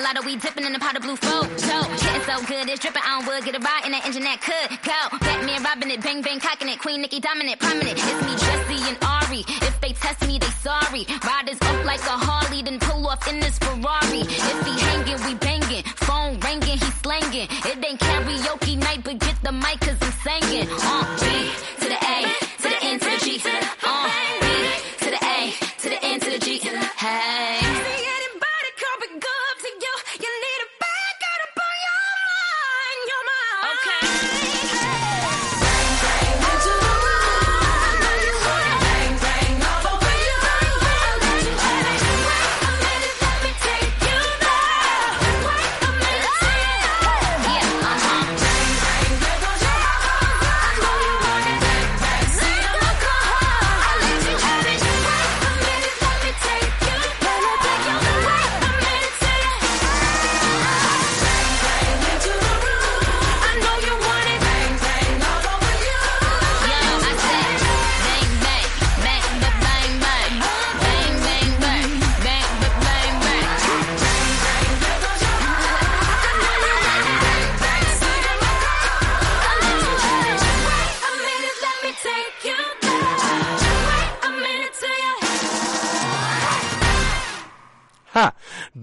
a lot of we dipping in a pot of blue folk. So, getting so good, it's dripping. I don't would get a ride in that engine that could go. Batman robbing it, bang bang cocking it. Queen Nikki dominant, prominent. It's me, Jesse and Ari. If they test me, they sorry. Riders up like a Harley, then pull off in this Ferrari. If he hanging, we banging. Phone ringing, he slanging. It ain't karaoke night, but get the mic cause I'm singing. Uh, G to the A, to the N, to the G, to the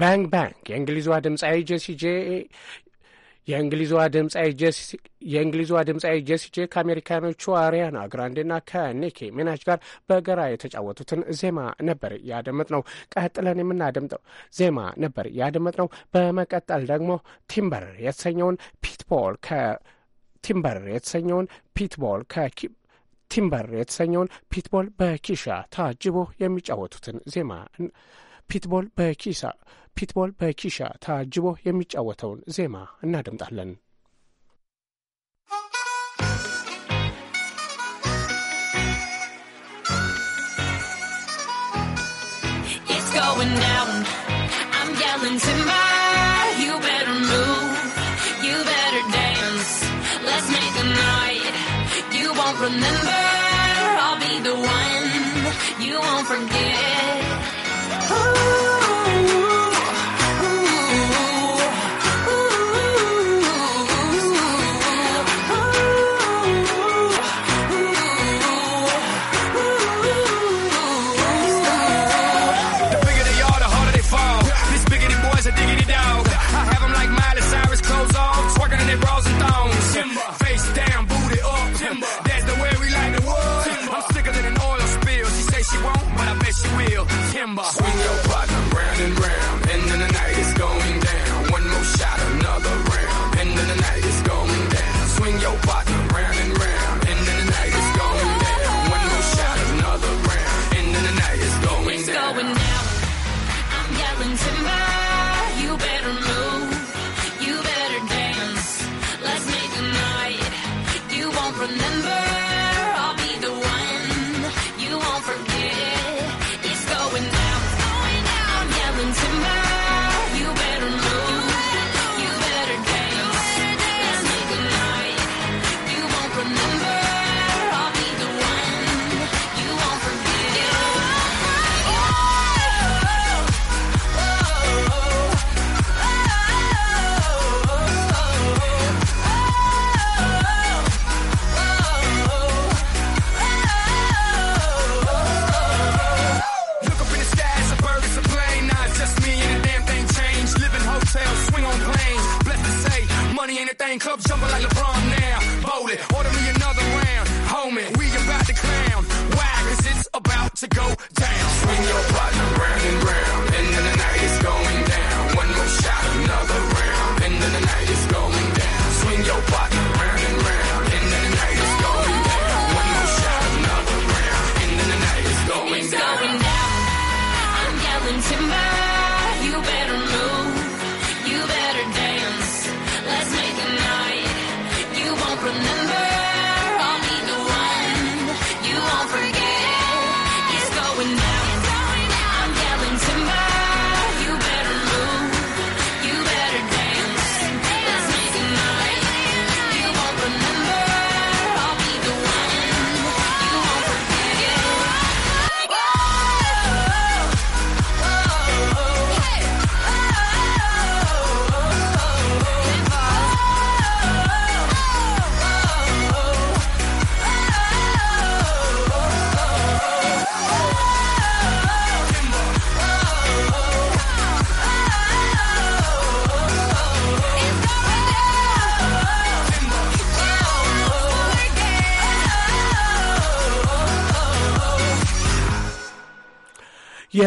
ባንግ ባንግ የእንግሊዟ ድምፃዊ ጄሲ ጄ የእንግሊዟ ድምፃዊ ጄሲ ድምፃዊ ጄሲ ጄ ከአሜሪካኖቹ አሪያና ግራንዴና ከኒኪ ሚናጅ ጋር በጋራ የተጫወቱትን ዜማ ነበር ያደመጥ ነው። ቀጥለን የምናደምጠው ዜማ ነበር ያደመጥ ነው። በመቀጠል ደግሞ ቲምበር የተሰኘውን ፒትቦል ከቲምበር የተሰኘውን ፒትቦል ከቲምበር የተሰኘውን ፒትቦል በኪሻ ታጅቦ የሚጫወቱትን ዜማ ፒትቦል በኪሳ ፒትቦል በኪሻ ታጅቦ የሚጫወተውን ዜማ እናደምጣለን። Remember, I'll be the one you won't forget.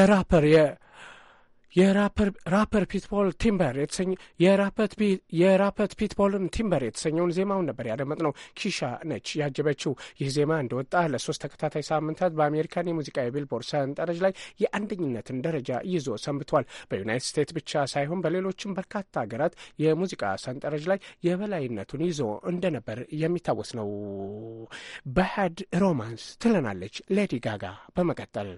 የራፐር የራፐር ፒትቦል ቲምበር የተሰኘ የራፐት ፒትቦልን ቲምበር የተሰኘውን ዜማውን ነበር ያደመጥነው። ኪሻ ነች ያጀበችው። ይህ ዜማ እንደወጣ ለሶስት ተከታታይ ሳምንታት በአሜሪካን የሙዚቃ የቢልቦርድ ሰንጠረዥ ላይ የአንደኝነትን ደረጃ ይዞ ሰንብቷል። በዩናይትድ ስቴትስ ብቻ ሳይሆን በሌሎችም በርካታ ሀገራት የሙዚቃ ሰንጠረዥ ላይ የበላይነቱን ይዞ እንደነበር የሚታወስ ነው። በሀድ ሮማንስ ትለናለች ሌዲ ጋጋ በመቀጠል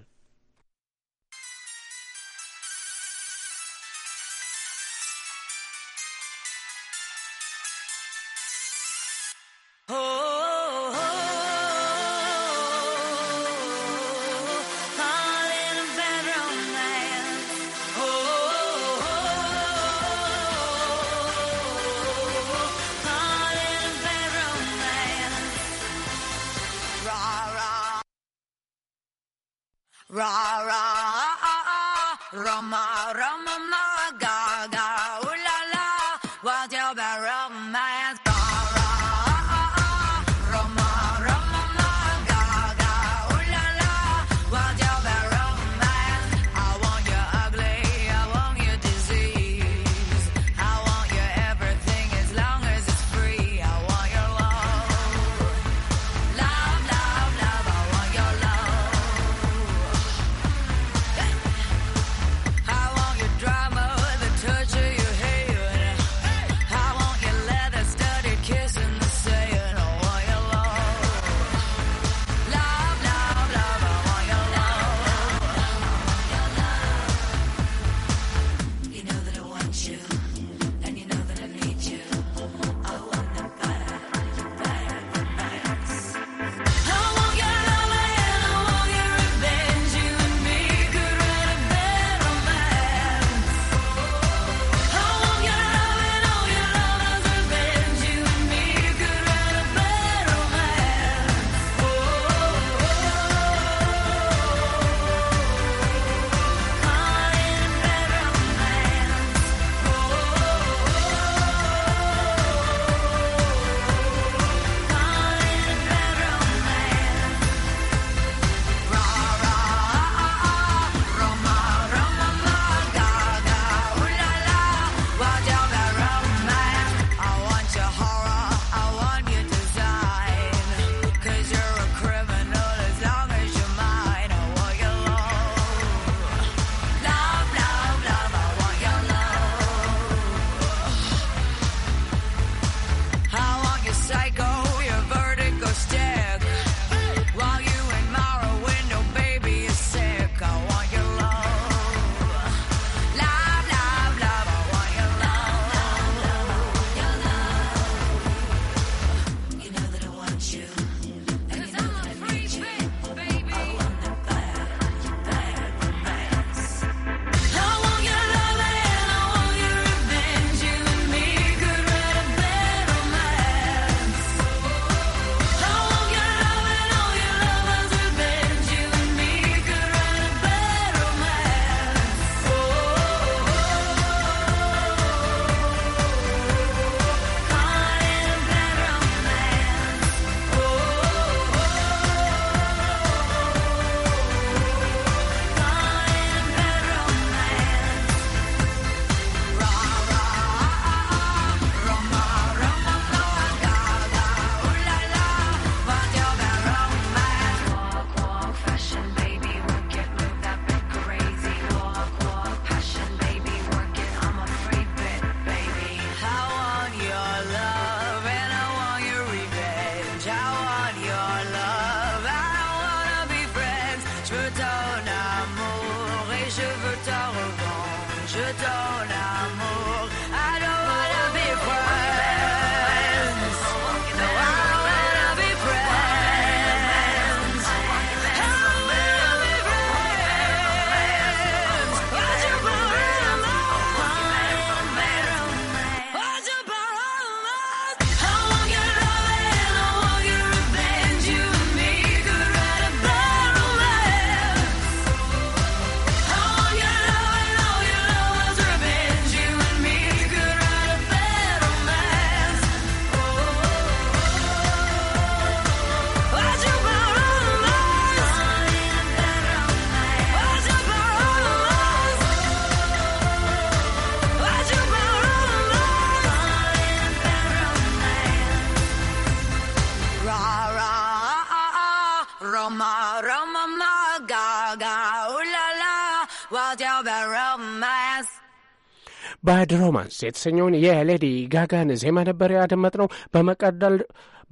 ባድ ሮማንስ የተሰኘውን የሌዲ ጋጋን ዜማ ነበር ያደመጥነው።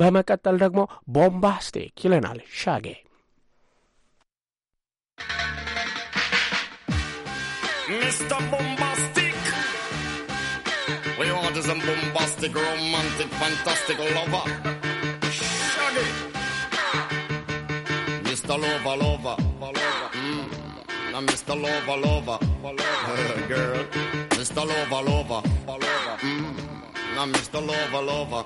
በመቀጠል ደግሞ ቦምባስቲክ ይለናል ሻጌ። Mr. Bombastic, we order some bombastic, romantic, fantastic lover. Shaggy, Mr. Lover, lover, lover. Mm. Now, Mr. Lover, lover, girl. Mr. Lover, lover, lover. Mm. Now Mr. Lover, lover.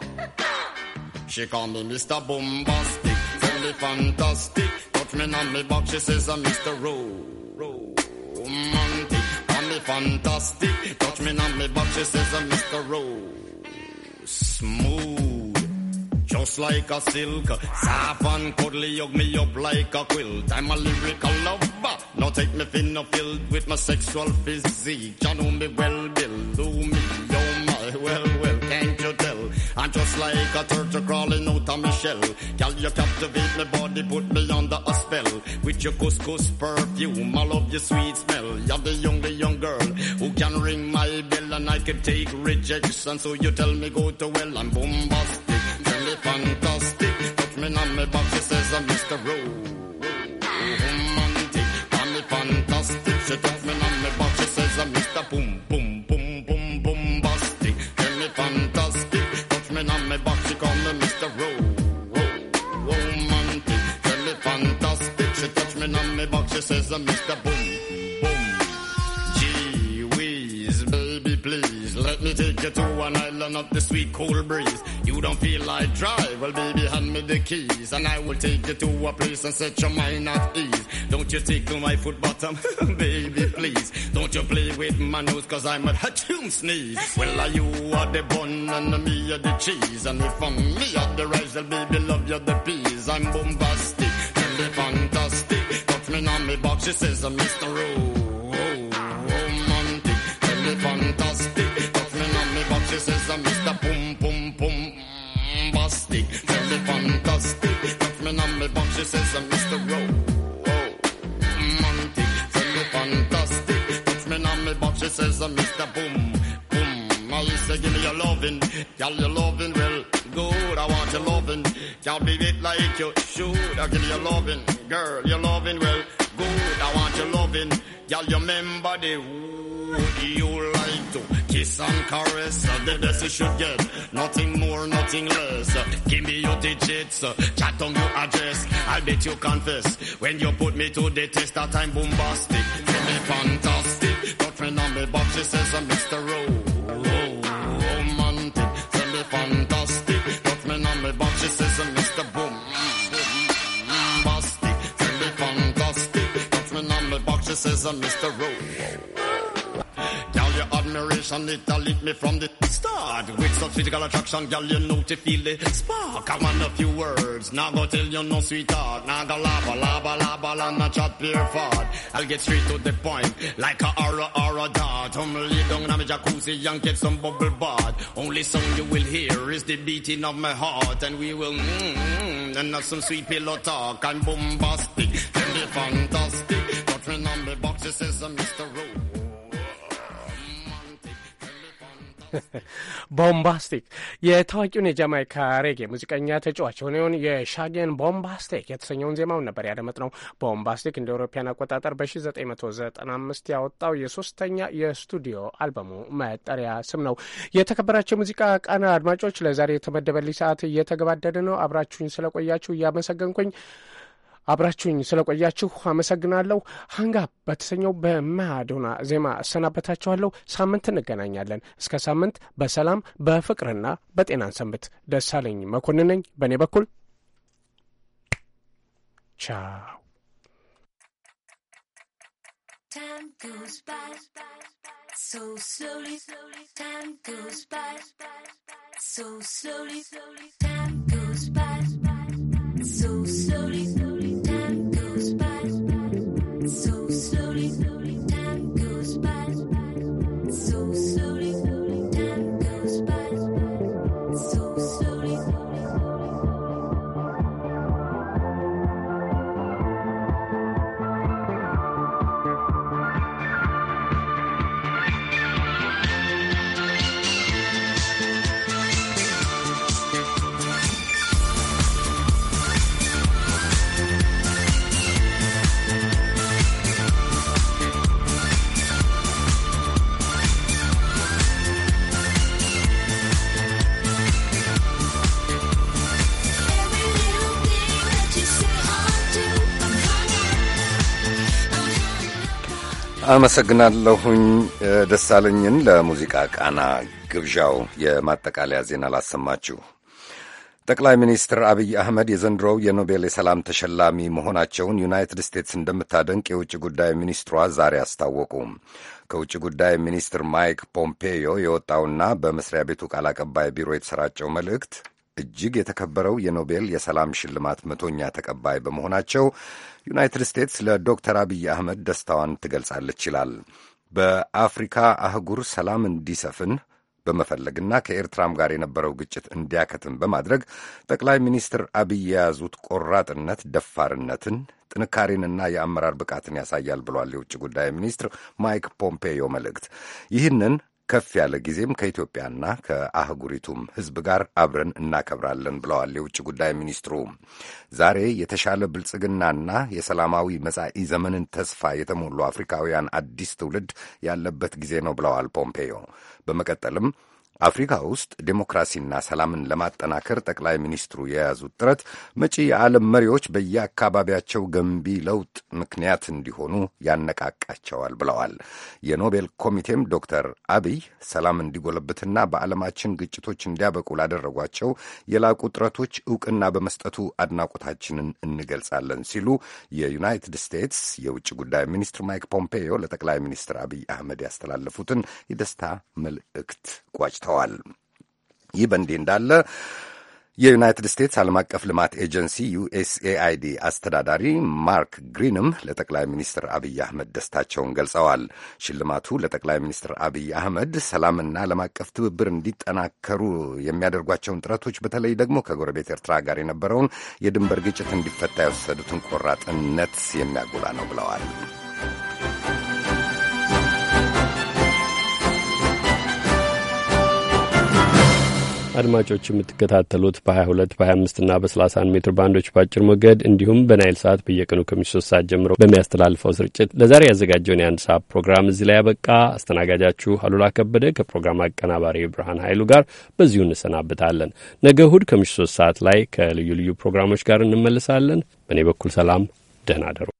She call me Mr. Bombastic, tell me fantastic. Touch me on me back, she says I'm Mr. Ro, romantic. Call me fantastic, touch me on me back, she says I'm Mr. Ro, smooth just like a silk. Soft and cuddly, hug me up like a quilt. I'm a lyrical lover. Now take me thin or filled with my sexual physique. You know me well, Bill. Do me, oh my, well, well, can't you tell? I'm just like a turtle crawling out of my shell. Girl, you captivate my body, put me under a spell. With your couscous perfume, I love your sweet smell. You're the the young girl who can ring my bell and I can take rejection. So you tell me go to well, I'm bombastic me fantastic. Touch me on my back, she says I'm Mr. Romantic. Call me fantastic. She touch me on back, she says I'm Mr. Boom Boom Boom Boom Call me fantastic. Touch me on back, she call me Mr. Romantic. Call me fantastic. She touch me on back, she says I'm Mr. Boom. you to an island of the sweet cool breeze. You don't feel like drive? Well, baby, hand me the keys, and I will take you to a place and set your mind at ease. Don't you tickle my foot bottom, baby, please. Don't you play with my nose, cause I'm a hatchoon sneeze. Well, are you are the bun, and me are the cheese. And if I'm me are the rice, well, baby, love you the peas. I'm bombastic, really fantastic. Touch me on me box, she says, I'm Mr. Rose. says I'm uh, Mr. Boom Boom Boom mm, Bombastic, tell me fantastic. Touch me on my back, she says I'm uh, Mr. Row. Romantic, tell me fantastic. Touch me on my back, she says I'm uh, Mr. Boom Boom. I say give me your loving, tell your loving well good. I want your loving, can't be it like you should. I give you your loving, girl, your loving well good. I want your loving, y'all remember the who you like to kiss and caress. The best you should get, nothing more, nothing less. Give me your digits, chat on your address. I'll bet you confess when you put me to the test. That I'm bombastic, feel me fantastic. Girlfriend on me box, she says I'm Mr. Rowe. Romantic, me fantastic. on she says Mr. Bombastic, me fantastic. on she says I'm Mr. Rowe admiration, it all lit me from the start. With such physical attraction, girl, you know to feel the spark. I want a few words, now go tell you no sweetheart. Now go lava, lava, lava, la, not chat pure fart. I'll get straight to the point, like a aura, aura dart. i lay down on my jacuzzi and get some bubble bath. Only song you will hear is the beating of my heart, and we will mmm, mm, and have some sweet pillow talk. I'm bombastic, tell me fantastic. Touch me on the boxes, says Mr. Rose. ቦምባስቲክ የታዋቂውን የጃማይካ ሬጌ ሙዚቀኛ ተጫዋች የሆነውን የሻጌን ቦምባስቲክ የተሰኘውን ዜማውን ነበር ያደመጥነው። ቦምባስቲክ እንደ አውሮፓውያን አቆጣጠር በ1995 ያወጣው የሶስተኛ የስቱዲዮ አልበሙ መጠሪያ ስም ነው። የተከበራቸው የሙዚቃ ቃና አድማጮች፣ ለዛሬ የተመደበልኝ ሰዓት እየተገባደደ ነው። አብራችሁኝ ስለቆያችሁ እያመሰገንኩኝ አብራችሁኝ ስለቆያችሁ አመሰግናለሁ። ሀንጋ በተሰኘው በማዶና ዜማ እሰናበታችኋለሁ። ሳምንት እንገናኛለን። እስከ ሳምንት በሰላም በፍቅርና በጤናን ሰንብት። ደሳለኝ መኮንን ነኝ በእኔ በኩል ቻው። so slowly, slowly, time goes by so slowly, slowly. time. አመሰግናለሁኝ ደሳለኝን ለሙዚቃ ቃና ግብዣው። የማጠቃለያ ዜና ላሰማችሁ። ጠቅላይ ሚኒስትር አብይ አህመድ የዘንድሮው የኖቤል የሰላም ተሸላሚ መሆናቸውን ዩናይትድ ስቴትስ እንደምታደንቅ የውጭ ጉዳይ ሚኒስትሯ ዛሬ አስታወቁ። ከውጭ ጉዳይ ሚኒስትር ማይክ ፖምፔዮ የወጣውና በመስሪያ ቤቱ ቃል አቀባይ ቢሮ የተሰራጨው መልእክት እጅግ የተከበረው የኖቤል የሰላም ሽልማት መቶኛ ተቀባይ በመሆናቸው ዩናይትድ ስቴትስ ለዶክተር አብይ አህመድ ደስታዋን ትገልጻለች ይላል። በአፍሪካ አህጉር ሰላም እንዲሰፍን በመፈለግና ከኤርትራም ጋር የነበረው ግጭት እንዲያከትም በማድረግ ጠቅላይ ሚኒስትር አብይ የያዙት ቆራጥነት፣ ደፋርነትን፣ ጥንካሬንና የአመራር ብቃትን ያሳያል ብሏል የውጭ ጉዳይ ሚኒስትር ማይክ ፖምፔዮ መልእክት ይህንን ከፍ ያለ ጊዜም ከኢትዮጵያና ከአህጉሪቱም ሕዝብ ጋር አብረን እናከብራለን ብለዋል የውጭ ጉዳይ ሚኒስትሩ። ዛሬ የተሻለ ብልጽግናና የሰላማዊ መጻኢ ዘመንን ተስፋ የተሞሉ አፍሪካውያን አዲስ ትውልድ ያለበት ጊዜ ነው ብለዋል ፖምፔዮ። በመቀጠልም አፍሪካ ውስጥ ዴሞክራሲና ሰላምን ለማጠናከር ጠቅላይ ሚኒስትሩ የያዙት ጥረት መጪ የዓለም መሪዎች በየአካባቢያቸው ገንቢ ለውጥ ምክንያት እንዲሆኑ ያነቃቃቸዋል ብለዋል። የኖቤል ኮሚቴም ዶክተር አብይ ሰላም እንዲጎለብትና በዓለማችን ግጭቶች እንዲያበቁ ላደረጓቸው የላቁ ጥረቶች እውቅና በመስጠቱ አድናቆታችንን እንገልጻለን ሲሉ የዩናይትድ ስቴትስ የውጭ ጉዳይ ሚኒስትር ማይክ ፖምፔዮ ለጠቅላይ ሚኒስትር አብይ አህመድ ያስተላለፉትን የደስታ መልእክት ቋጭ ተነስተዋል። ይህ በእንዲህ እንዳለ የዩናይትድ ስቴትስ ዓለም አቀፍ ልማት ኤጀንሲ ዩኤስኤአይዲ አስተዳዳሪ ማርክ ግሪንም ለጠቅላይ ሚኒስትር አብይ አህመድ ደስታቸውን ገልጸዋል። ሽልማቱ ለጠቅላይ ሚኒስትር አብይ አህመድ ሰላምና ዓለም አቀፍ ትብብር እንዲጠናከሩ የሚያደርጓቸውን ጥረቶች፣ በተለይ ደግሞ ከጎረቤት ኤርትራ ጋር የነበረውን የድንበር ግጭት እንዲፈታ የወሰዱትን ቆራጥነት የሚያጎላ ነው ብለዋል። አድማጮች የምትከታተሉት በ22 በ25 እና በ31 ሜትር ባንዶች በአጭር ሞገድ እንዲሁም በናይል ሰዓት በየቀኑ ከምሽቱ 3 ሰዓት ጀምሮ በሚያስተላልፈው ስርጭት ለዛሬ ያዘጋጀውን የአንድ ሰዓት ፕሮግራም እዚህ ላይ ያበቃ። አስተናጋጃችሁ አሉላ ከበደ ከፕሮግራም አቀናባሪ ብርሃን ኃይሉ ጋር በዚሁ እንሰናብታለን። ነገ እሁድ ከምሽቱ 3 ሰዓት ላይ ከልዩ ልዩ ፕሮግራሞች ጋር እንመልሳለን። በእኔ በኩል ሰላም፣ ደህና አደሩ።